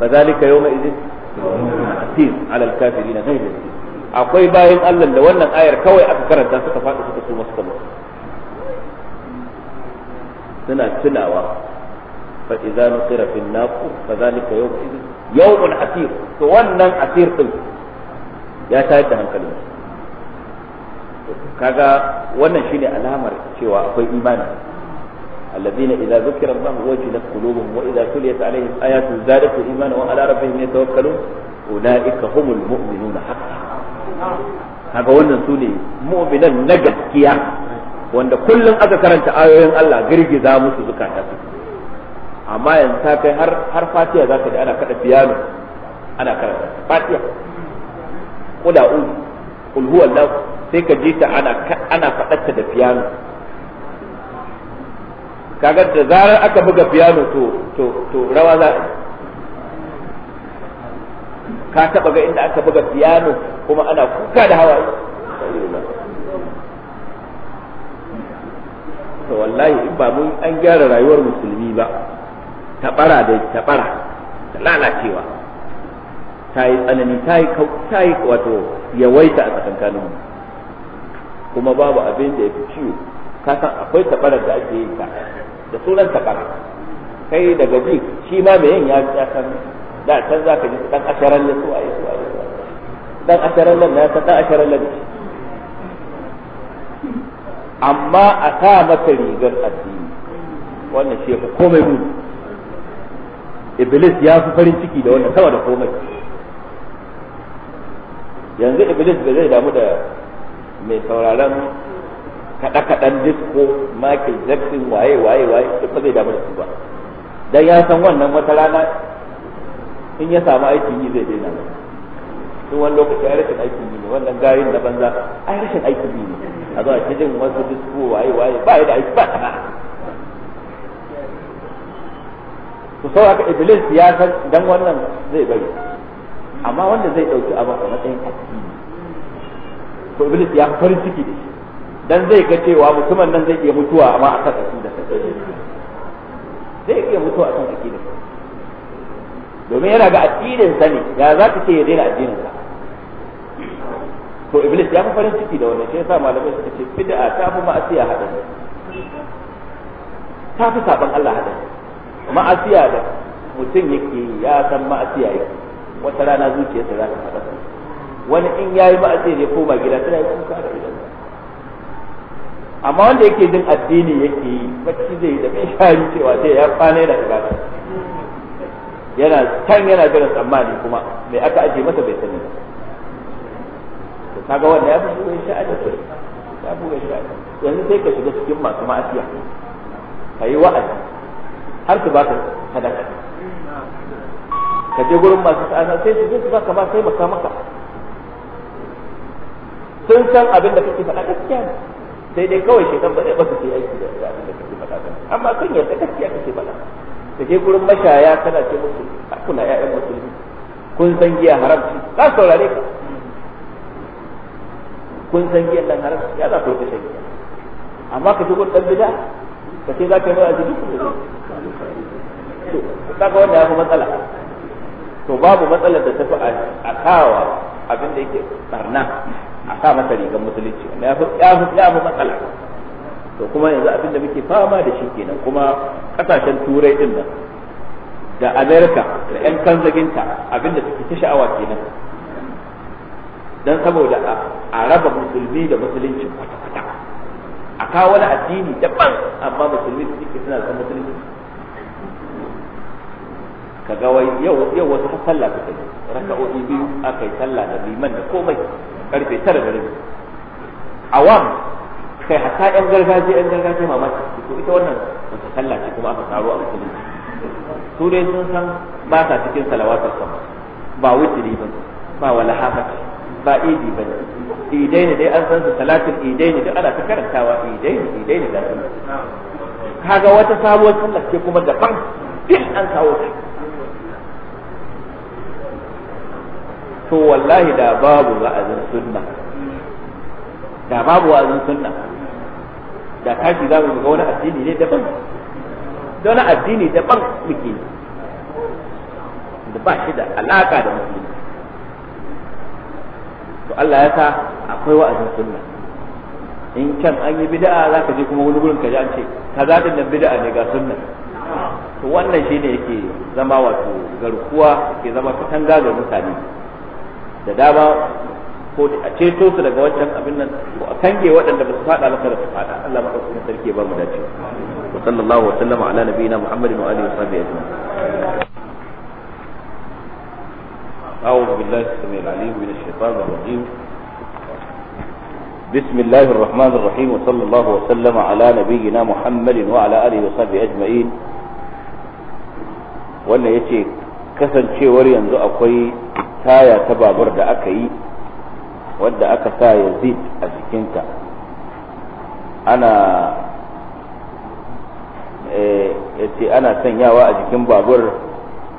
fa zalika yawma idin atim ala al-kafirin ghayr akwai bayan Allah da wannan ayar kawai aka karanta suka faɗi suka su masu kamar suna tunawa fa idza nuqira fi naqu fa zalika yawm yawmun asir to wannan asir din ya tayar da hankalin kaga wannan shine alamar cewa akwai imani الذين إذا ذكر الله وجلت قلوبهم وإذا تليت عليهم آيات زادتهم إيمانا وعلى ربهم يتوكلون أولئك هم المؤمنون حقا هذا هو مؤمنا نجد كيا wanda kullum aka karanta ayoyin Allah girgiza musu zukata su amma yanzu ta kai har har fatiha zaka ji ana kada piano ana karanta fatiha kula uzu kul huwa Allah sai ka ji ta ana ana fadatta da piano kaga da zarar aka buga piano to to to rawa za ka taba ga inda aka buga piano kuma ana kuka da hawaye to wallahi in ba mun an gyara rayuwar musulmi ba tabara da tabara da lalacewa ta yi tsanani ta yi ta wato yawaita a tsakankanin mu kuma babu abin da ya fi ciwo ka san akwai taɓarar da ake yi ta da sunan tabara kai daga ji shi ma mai yin ya san da can zaka ji dan asharan ne su a yi su a yi dan asharan nan na ta dan asharan nan amma a sa masa rigar addini wannan shi ya komai mu iblis ya fi farin ciki da wannan sama da komai yanzu iblis ba zai damu da mai sauraron kaɗe-kaɗen disco michael jackson waye waye waye ba zai damu da su ba dan ya san wannan wata rana in ya samu aikin yi zai daina tun wani lokaci a rashin aikin yi ne wannan garin da banza a rashin aikin yi ne a zuwa ta jin wasu disko waye waye ba da aiki ba sana'a to sau haka iblis ya san dan wannan zai bari amma wanda zai dauki abin a matsayin addini to iblis ya farin ciki da shi dan zai ga cewa mutumin nan zai iya mutuwa amma a akan akida zai iya mutuwa a kan akida domin yana ga addinin sa ne ya za ka ce ya daina addinin sa to iblis ya fi farin ciki da wannan shi yasa malamai suka ce bid'a ta fi ma'asiya hadari ta fi saban Allah hadari ma'asiya da mutum yake ya san ma'asiya yake wata rana zuciyarsa za ta fada wani in yayi ma'asiya ya koma gida tana yi kuka da idan amma wanda yake jin addini yake yi bacci zai yi da bin shari cewa sai ya kwana yana ibada yana can yana jiran tsammani kuma mai aka ajiye masa bai sani ba kaga wanda ya buga shi a dace ya buga shi a yanzu sai ka shiga cikin masu ma'asiya ka yi wa'azi har su baka sadaka ka je gurin masu tsana sai su je su baka ma sai maka maka sun san abin da kake faɗa gaskiya ne sai dai kawai shekan ba ba su ke aiki da abin da kake faɗa amma sun yarda gaskiya kake faɗa ka je gurin mashaya kana ce musu kuna ya'yan musulmi kun san giya haramci za su saurare ka kun san giyan nan haram ya za ku rika shan amma ka shigo dan bid'a ka ce za ka yi wa'azi duk da ga wanda ya fi matsala to babu matsalar da ta fi a kawa abin da yake barna a sa mata rigar musulunci wanda ya fi ya fi matsala to kuma yanzu abin da muke fama da shi kenan kuma kasashen turai din nan da amerika da yan kanzaginta abin da suke ta sha'awa kenan dan saboda a raba musulmi da musulunci kwata-kwata a kawo wani addini daban amma musulmi su suke suna da musulunci ka ga wai yau yau wasu har sallah ka yi raka'o'i biyu aka yi sallah da liman da komai karfe tara da rabi awam kai hatta yan gargajiya yan gargajiya mamaki to ita wannan wata sallah ce kuma aka tsaro a musulunci su dai sun san ba sa cikin salawatar sama ba wutiri ba ba wala hafa ba idi ba idai ne dai an san su talatin idai ne duk ana ta karantawa idai ne idai ne gasu kaga wata sabuwar sallah ce kuma daban duk an kawo ta to wallahi da babu wa'azin sunna da babu wa'azin sunna da kashi za mu ga wani addini ne daban da wani addini daban muke da ba shi da alaka da musulmi to Allah ya sa akwai wa'azin sunna in can an yi bid'a ka je kuma wani gurin ka ji an ce ka din nan bid'a ne ga sunna to wannan shine yake zama wato garkuwa ke zama katanga ga mutane da dama ko a ceto su daga wancan abin nan ko a kange waɗanda ba su fada maka da su fada Allah madaukakin sarki ba mu dace wa sallallahu wa sallama ala nabiyina muhammadin wa alihi wa sahbihi ajma'in أعوذ بالله السميع العليم من الشيطان الرجيم بسم الله الرحمن الرحيم وصلى الله وسلم على نبينا محمد وعلى آله وصحبه أجمعين wannan ya ce kasancewar yanzu akwai taya ta babur da aka yi wadda aka sa yazid a jikinta ana ya ce ana sanyawa a jikin babur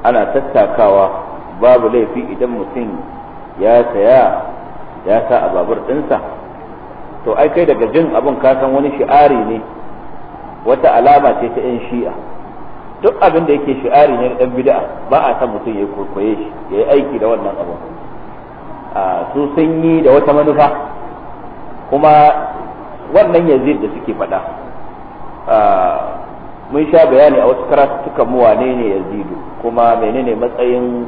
ana tattakawa babu laifi idan mutum ya saya ya sa a babur ɗinsa to ai kai daga jin abin ka san wani shi'ari ne wata alama ce ta 'yan shi'a duk abin da yake shi'ari ne ɗan bid'a ba a san mutum ya kurkuye shi ya yi aiki da wannan abin su sun yi da wata manufa kuma wannan yazid da suke faɗa mun sha bayani a wasu karatu mu wane ne yazidu kuma menene matsayin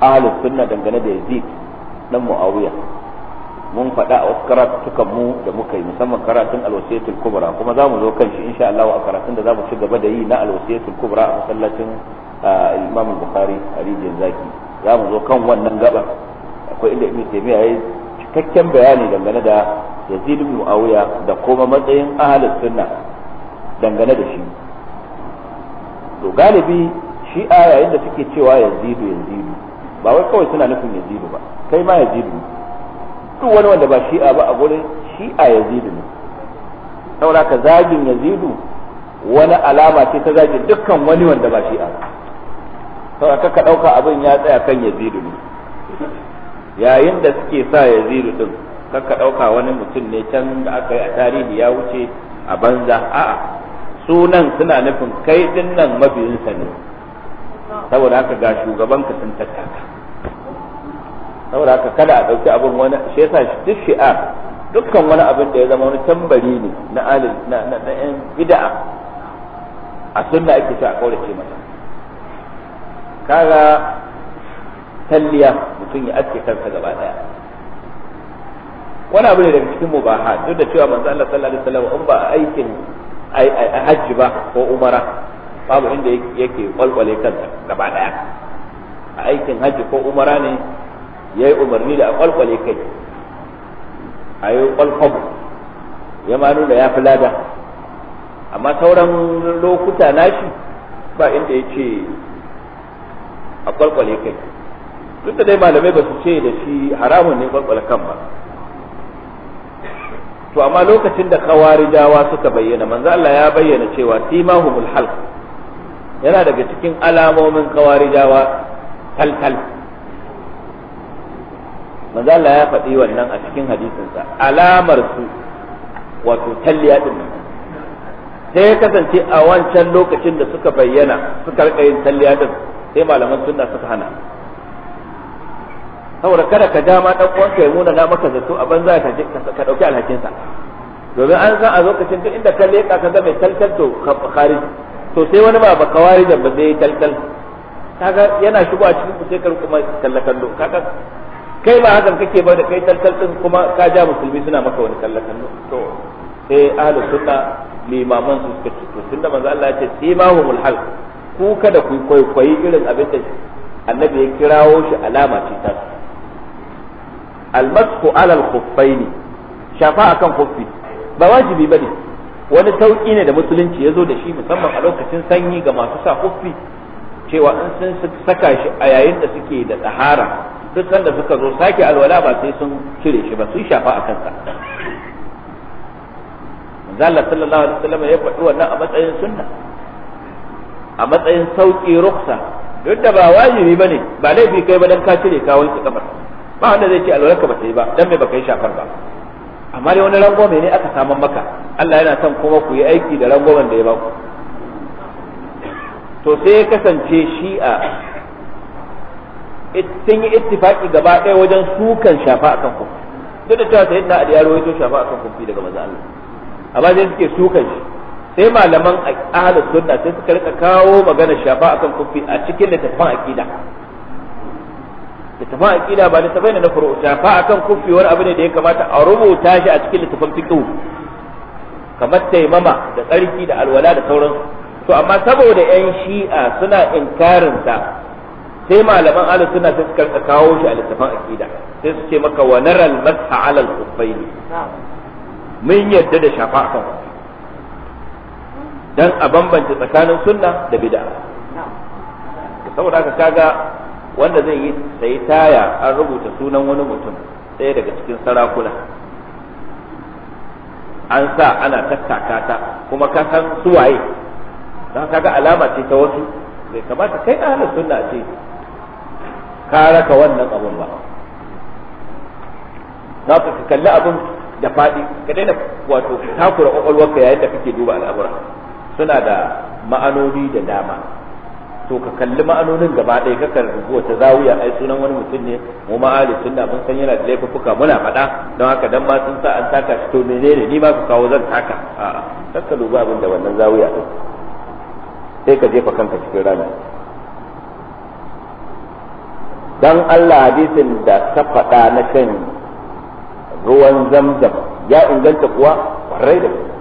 ahlus sunna dangane da yazid dan muawiya mun faɗa a wasu karatukan mu da muka yi musamman karatun alwasiyatul kubra kuma za mu zo kan shi insha Allah a karatun da za mu ci gaba da yi na alwasiyatul kubra a masallacin imam bukhari a rijiyar zaki za mu zo kan wannan gaba akwai inda ibnu taymiya yayi cikakken bayani dangane da yazid ibn muawiya da kuma matsayin ahlus sunna dangane da shi to galibi shi'a yayin da suke cewa yazidu yazidu ba wai kawai suna nufin yazidu ba kai ma yazidu ne duk wani wanda ba shi'a ba a gurin shi'a yazidu ne saboda ka zagin yazidu wani alama ce ta zagin dukkan wani wanda ba shi'a ba saboda ka ɗauka abin ya tsaya kan yazidu ne yayin da suke sa yazidu din ka ɗauka wani mutum ne can da aka yi a tarihi ya wuce a banza a'a sunan suna nufin kai dinnan mabiyinsa ne saboda haka ga shugaban ka sun tattaka saboda haka kada a ɗauki abin wani shi yasa duk shi'a dukkan wani abin da ya zama wani tambari ne na alil na na yan bid'a a sunna ake sa a ce masa kaga talliya mutum ya aske kansa gaba daya wani abu ne daga cikin ha duk da cewa manzo Allah sallallahu alaihi wasallam in ba aikin hajji ba ko umara babu inda yake kwalkwale kansa gaba daya a aikin hajji ko umara ne ya yi umarni da a kwalkwale kai a yi kwalkwabu ya ma nuna ya fi lada amma sauran lokuta nashi ba inda ya ce a kwalkwale kai duk da dai malamai ba su ce da shi haramun ne kwalkwale kan ba to amma lokacin da kawarijawa suka bayyana manzo Allah ya bayyana cewa timahumul halq yana daga cikin alamomin kawarijawa kalkal manzala ya faɗi wannan a cikin hadisinsa alamar su wato talliya ɗin sai ya kasance a wancan lokacin da suka bayyana suka rika yin talliya ɗin sai malaman sunna suka hana saboda kada ka dama dan uwanka ya muna na maka zato a banza ka dauki alhakinsa domin an san a lokacin duk inda ka leka ka ga mai talkal to kharij to sai wani ba ba kawari da ba zai taltal kaga yana shigo a cikin ku sai ka kuma kallakan do kaga kai ba hakan kake ba da kai taltal din kuma ka ja musulmi suna maka wani kallakan do to sai ahlu sunna limaman su suka ce to tunda manzo Allah ya ce imamul hal ku kada ku koyi irin abin da annabi ya kirawo shi alama ce ta almasku alal khuffaini shafa akan khuffi ba wajibi bane wani tauki ne da musulunci ya zo da shi musamman a lokacin sanyi ga masu sa kufi cewa in sun saka shi a yayin da suke da tsahara duk sanda suka zo sake alwala ba sai sun cire shi ba sun shafa a kansa manzo sallallahu alaihi wasallam ya faɗi wannan a matsayin sunna a matsayin sauki ruksa duk da ba wajibi bane ba laifi kai ba dan ka cire ka wanke kamar ba wanda zai ce alwala ka ba sai ba dan me ba kai shafar ba amma dai wani mai ne aka saman maka Allah yana son kuma ku yi aiki da rangon da ya baku to sai ya kasance shi'a sun yi ittifaki gaba ɗaya wajen sukan shafa akan kofi duk da cewa sayyidina Ali ya rawaito shafa akan kofi daga maza Allah amma sai suke sukan shi sai malaman ahlu sunna sai suka rika kawo magana shafa akan kofi a cikin littattafan aqida littafin aqida ba littafai ne na furu'u shafa akan kuffewar abu ne da ya kamata a rubuta shi a cikin littafin fiqh kamar taimama da tsarki da alwala da sauransu to amma saboda yan shi'a suna inkarin sa sai malaman ahlus sunna sai suka kawo shi a littafin aqida sai su ce maka wa naral masha ala al mun yadda da shafa akan dan a bambance tsakanin sunna da bid'a saboda haka kaga wanda zai yi sayi taya an rubuta sunan wani mutum ɗaya daga cikin sarakuna an sa ana tattaka ta kuma ka san suwaye don kaga alama ce ta wasu bai kamata kai ahlus sunna ce ka raka wannan abun ba za ka kalli abun da faɗi ka daina wato takura kwakwalwarka yayin da kake duba al'amura suna da ma'anoni da dama to ka kalli ma'anonin gaba ɗaya ka karbi wata zawiya ai sunan wani mutum ne mu ma'ali tunda mun san yana da laifuka muna faɗa don haka dan ma sun sa an taka shi to menene ni ba ku kawo zan taka a'a kakka duba abin da wannan zawiya din sai ka jefa kanka cikin rana dan Allah hadisin da ta faɗa na kan ruwan zamzam ya inganta kuwa kwarai da gaske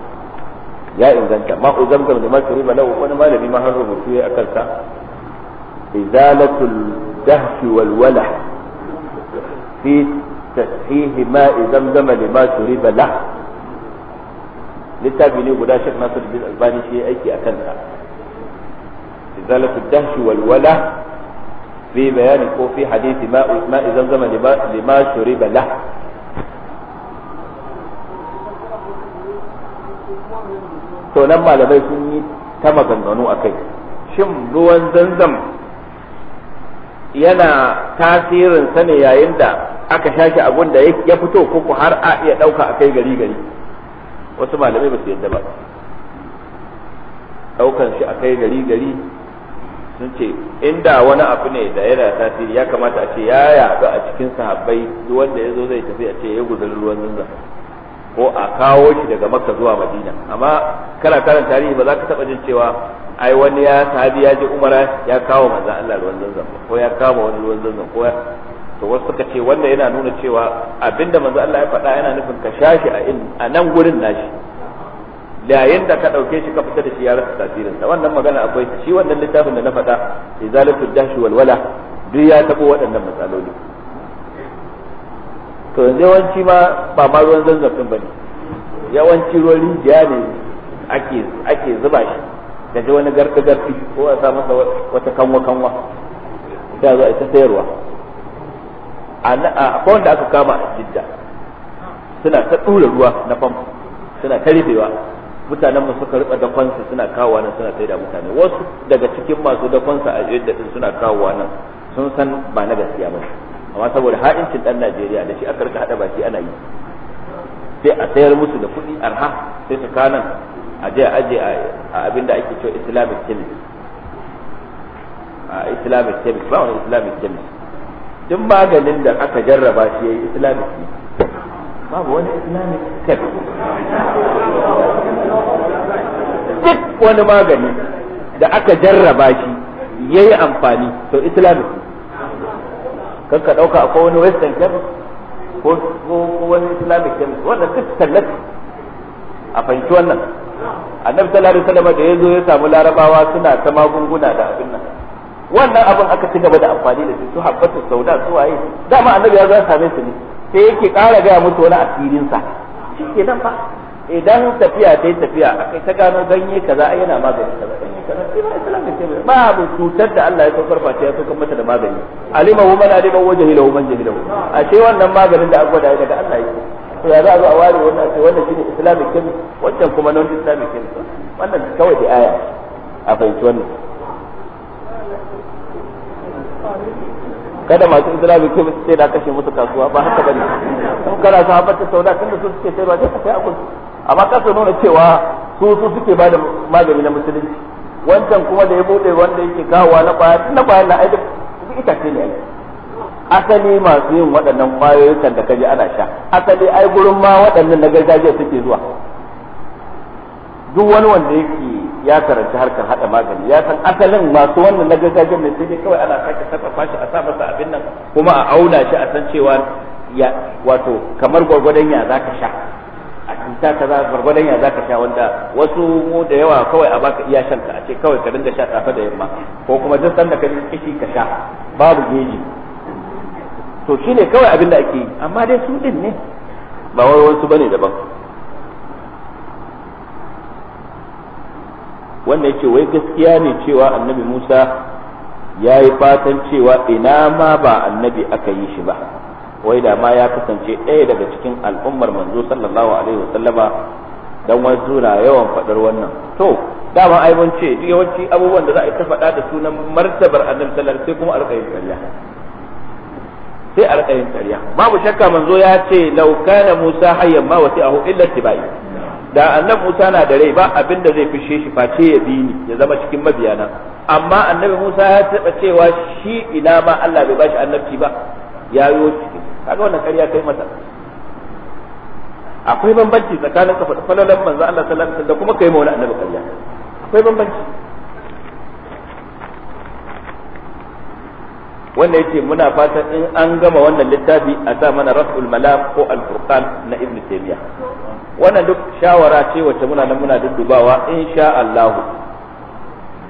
ya inganta ma ku zamzam da masri ba lahu wani malami ma har rubutu ya akarta izalatul dahsh wal walah fi ma zamzam da لما شرب la littafi ne guda shek nasir bin albani shi aiki a kansa izalatul dahshi wal wala fi bayani ko fi hadisi ma ma zamzam da lima shuriba la to nan malamai sun yi ta maganganu a kai shin ruwan zanzam yana tasirin sa ne yayin da aka shashi abun da ya fito ko ku har a iya ɗauka a kai gari gari wasu malamai ba su yadda ba ɗaukan shi a kai gari gari sun ce inda wani abu ne da yana tasiri ya kamata a ce ya yaɗu a cikin sahabbai duk wanda ya zo zai tafi a ce ya guzarin ruwan zanzam ko a kawo shi daga makka zuwa madina amma kana karan tarihi ba za ka taba jin cewa ai wani ya sahabi ya je umara ya kawo manzo Allah ruwan zanzan ko ya kawo wani ruwan zanzan ko to wasu suka ce wannan yana nuna cewa abinda manzo Allah ya faɗa yana nufin ka shashi a in a nan gurin nashi yayin da ka ɗauke shi ka fita da shi ya rasa tasirin sa wannan magana akwai shi wannan littafin da na faɗa izalatul dahshi wal wala duk ya tabo waɗannan matsaloli to yanzu yawanci ma ba ma ruwan zanzafin ba ne yawanci ruwan rijiya ne ake zuba shi da ji wani garfi garfi ko a sa masa wata kanwa kanwa ta zo ita sayarwa a wanda aka kama a jidda suna ta ɗura ruwa na famfo suna ta rufewa mutanen mu suka riba dakonsa suna kawowa nan suna sai da mutane wasu daga cikin masu dakonsa a jidda suna kawowa nan sun san ba na gaskiya ba amma saboda ha'incin dan Najeriya da shi aka rika hada baki ana yi sai a sayar musu da kuɗi arha sai su kana a je aje a abin da ake cewa islamic chemist a islamic chemist ba wani islamic chemist duk maganin da aka jarraba shi yayi islamic ne babu wani islamic chemist duk wani magani da aka jarraba shi yayi amfani to islamic ne kan ka dauka akwai wani western chemist ko wani islamic chemist wannan duk tallafi a fahimci wannan annabi sallallahu alaihi wasallam da yazo ya samu larabawa suna ta magunguna da abin nan wannan abin aka ci gaba da amfani da su su habbatu sauda su waye dama annabi ya zo same su ne sai yake kara ga musu wani asirin sa shikenan fa idan tafiya ta yi tafiya akai ta gano ganye kaza ai yana magani kaza sanarci ba islam ce ba abu cutar da Allah ya saukar face ya saukar mata da magani alima man alima wajen hilahu man jahilahu a ce wannan maganin da aka gwada daga Allah yake to ya za a zo a ware wannan ce wannan shine islamic kin wancan kuma non islamic kin wannan kawai da aya a fahimci wannan kada masu islami ke su ce da kashe musu kasuwa ba haka bane sun kana ta sauda kan da su suke sayarwa sai ka kai a amma ka nuna cewa su su suke ba da magani na musulunci wancan kuma da ya bude wanda yake kawowa na kwaya na kwayan na aiki ita ce ne asali masu yin waɗannan kwayoyukan da kaje ana sha asali ai gurin ma waɗannan na gargajiya suke zuwa duk wani wanda yake ya karanci harkar hada magani ya san asalin masu wannan na gargajiya mai sai kawai ana sake sarrafa shi a sa masa abin nan kuma a auna shi a san cewa ya wato kamar gwargwadon ya zaka sha sha kaza gwargwadon ya zaka sha wanda wasu mu da yawa kawai a baka iya shan ka a ce kawai ka dinga sha safe da yamma ko kuma duk sanda ka ji kishi ka sha babu geji to shine kawai abin da ake yi amma dai su din ne ba wai wasu bane daban wannan yake wai gaskiya ne cewa annabi Musa ya yi fatan cewa ina ma ba annabi aka yi shi ba wai da ma ya kasance ɗaya daga cikin al'ummar manzo sallallahu alaihi wasallama dan wasu na yawan faɗar wannan to dama ai mun ce duk yawanci abubuwan da za a ta faɗa da sunan martabar annabi sallallahu alaihi sai kuma a rika yin ƙarya sai a rika yin ƙarya babu shakka manzo ya ce law kana musa hayyan ma wasi wasi'ahu illa tibai da annabi musa na da rai ba abinda zai fishe shi face ya bi ni ya zama cikin mabiyana amma annabi musa ya taɓa cewa shi ina ma Allah bai bashi annabci ba ya yo kaga wannan ƙarya kai mata akwai bambanci tsakanin kafa faɗi falalan manzo Allah sallallahu alaihi wasallam da kuma kai mawla annabi ƙarya akwai bambanci wannan yace muna fatan in an gama wannan littafi a sa mana rasul malam ko al-furqan na ibnu taymiya wannan duk shawara ce wacce muna nan muna duddubawa insha Allah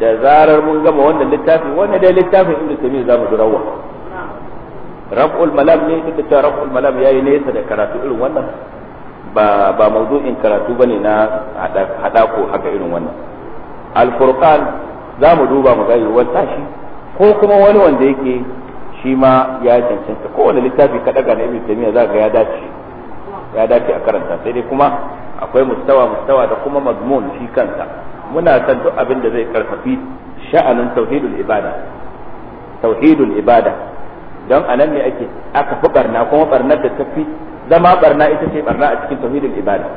da zarar mun gama wannan littafi wannan dai littafin ibnu taymiya zamu durawa raf'ul malam ne duk da cewa raf'ul malam yayi nesa da karatu irin wannan ba ba mawdu'in karatu bane na hada ko haka irin wannan al-furqan za mu duba mu ga yiwuwar tashi ko kuma wani wanda yake shi ma ya cancanta ko wani littafi ka daga na ibn taymiya za ga ya dace ya dace a karanta sai dai kuma akwai mustawa mustawa da kuma mazmun shi kanta muna san duk abin da zai karfafi sha'anin tauhidul ibada tauhidul ibada don a nan ne ake aka fi barna kuma barnar da ta fi zama barna ita ce barna a cikin tauhidul ibada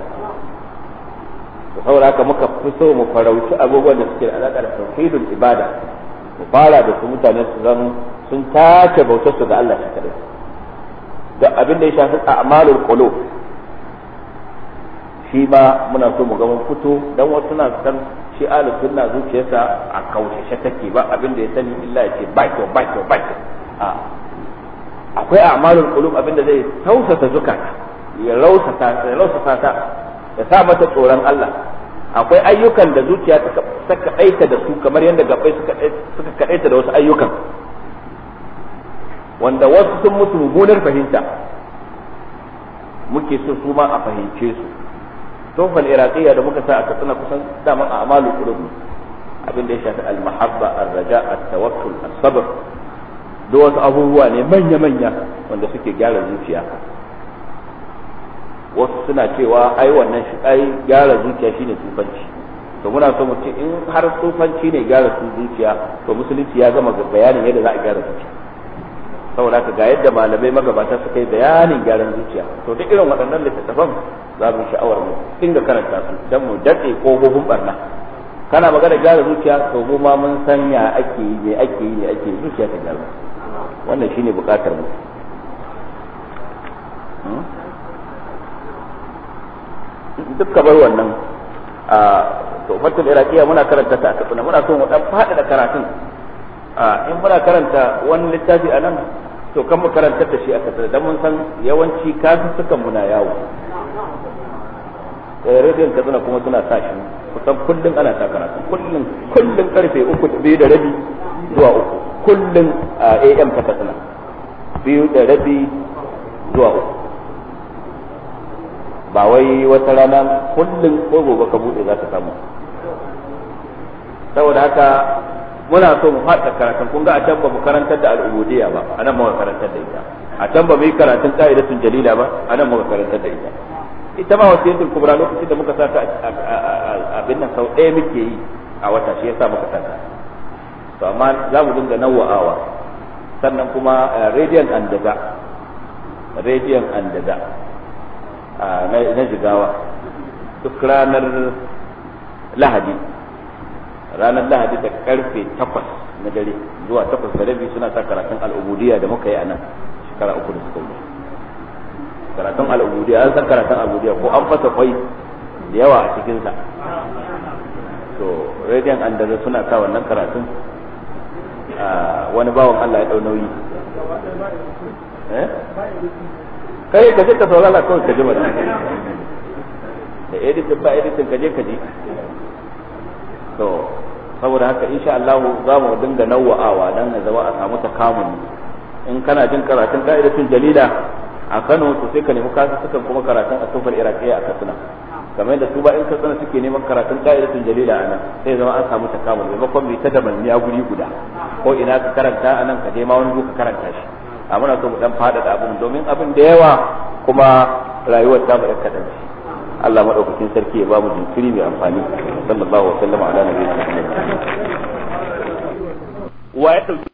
to saboda haka muka fi so mu farauci abubuwan da suke da alaka da tauhidul ibada mu fara da su mutane su zama sun tace bautar su ga Allah shi kadai da abin da ya shafi a'malul qulub shi ba muna so mu ga mun fito dan wasu na san shi ahli sunna zuciyarsa a kaushe take ba abin da ya sani illa ya ce ba kyau a akwai a'malul qulub abinda zai tausata zukata ya rausata ya rausata ta ya sa mata tsoron Allah akwai ayyukan da zuciya ta saka aika da su kamar yadda gabai suka suka da wasu ayyukan wanda wasu sun mutu mugunar fahimta muke so su ma a fahimce su tofal iraqiyya da muka sa a katsina kusan daman a'malul qulub abin da ya shafi almahabba mahabba ar-raja at-tawakkul as-sabr da wasu abubuwa ne manya-manya wanda suke gyara zuciya wasu suna cewa ai wannan shi ai gyara zuciya shine tsufanci to muna so mu ce in har tsufanci ne gyara su zuciya to musulunci ya gama bayanin yadda za a gyara zuciya saboda ka ga yadda malamai magabata suka yi bayanin gyaran zuciya to duk irin waɗannan littattafan za mu sha'awar mu inda karanta su dan mu ko kofofin barna kana magana gyara zuciya to goma ma mun sanya ake yi ne ake yi ne ake zuciya ta gyara wannan shine bukatar mu duk ka bar wannan a tofatul iraqiya muna karanta ta a muna so mu dan da karatun in muna karanta wani littafi a nan to kan mu karanta ta shi a kafina dan mun san yawanci kasu sukan muna yawo eh, rediyon katsina kuma suna sa shi kusan kullum ana sa karatu kullum kullum karfe uku da rabi zuwa uku kullum a am ta katsina biyu da rabi zuwa uku ba wai wata rana kullum ko gobe ka bude za ta samu saboda haka muna so mu fata karatun kun ga a can ba mu karantar da al'ubudiyya ba a nan muka karantar da ita a can ba mu yi karatun ka'idatun jalila ba a nan muka karantar da ita ita ma wasiyatul kubra lokacin da muka sa ta abin nan sau ɗaya muke yi a wata shi yasa muka sa ta to amma za mu dinga nawa'awa sannan kuma eh, radiant and daga radiant and daga ah, na jigawa duk ranar lahadi ranar lahadi da karfe takwas na dare zuwa takwas da rabi suna ta karatun al'ubudiyya da muka yi a nan shekara uku da suka wuce karatun al'ubudiyya an san karatun al'ubudiyya ko an fasa kwai da yawa a cikinsa to radiant and daga suna sa wannan karatun wani bawan Allah ya ɗau nauyi eh kai ka je ka saurara kawai ka ji mata. da editing ba editing ka je ka ji to saboda haka insha Allah za mu dinga nawa'awa dan na zama a samu ta kamun. in kana jin karatun ka'idatul jalila a Kano to sai ka nemi kasu sukan kuma karatun a tufar iraqiya a Katsina kamar da su ba in katsina suke neman karatun ka'idatun jalila a nan sai zama an samu takama maimakon mai ta damanniya guri guda ko ina ka karanta a nan ka je ma wani ka karanta shi a muna so mu dan faɗaɗa abin domin abin da yawa kuma rayuwar ta mu kaɗan shi Allah madaukakin sarki ya ba mu jinkiri mai amfani sallallahu alaihi wa sallam ala nabiyina Muhammad wa ya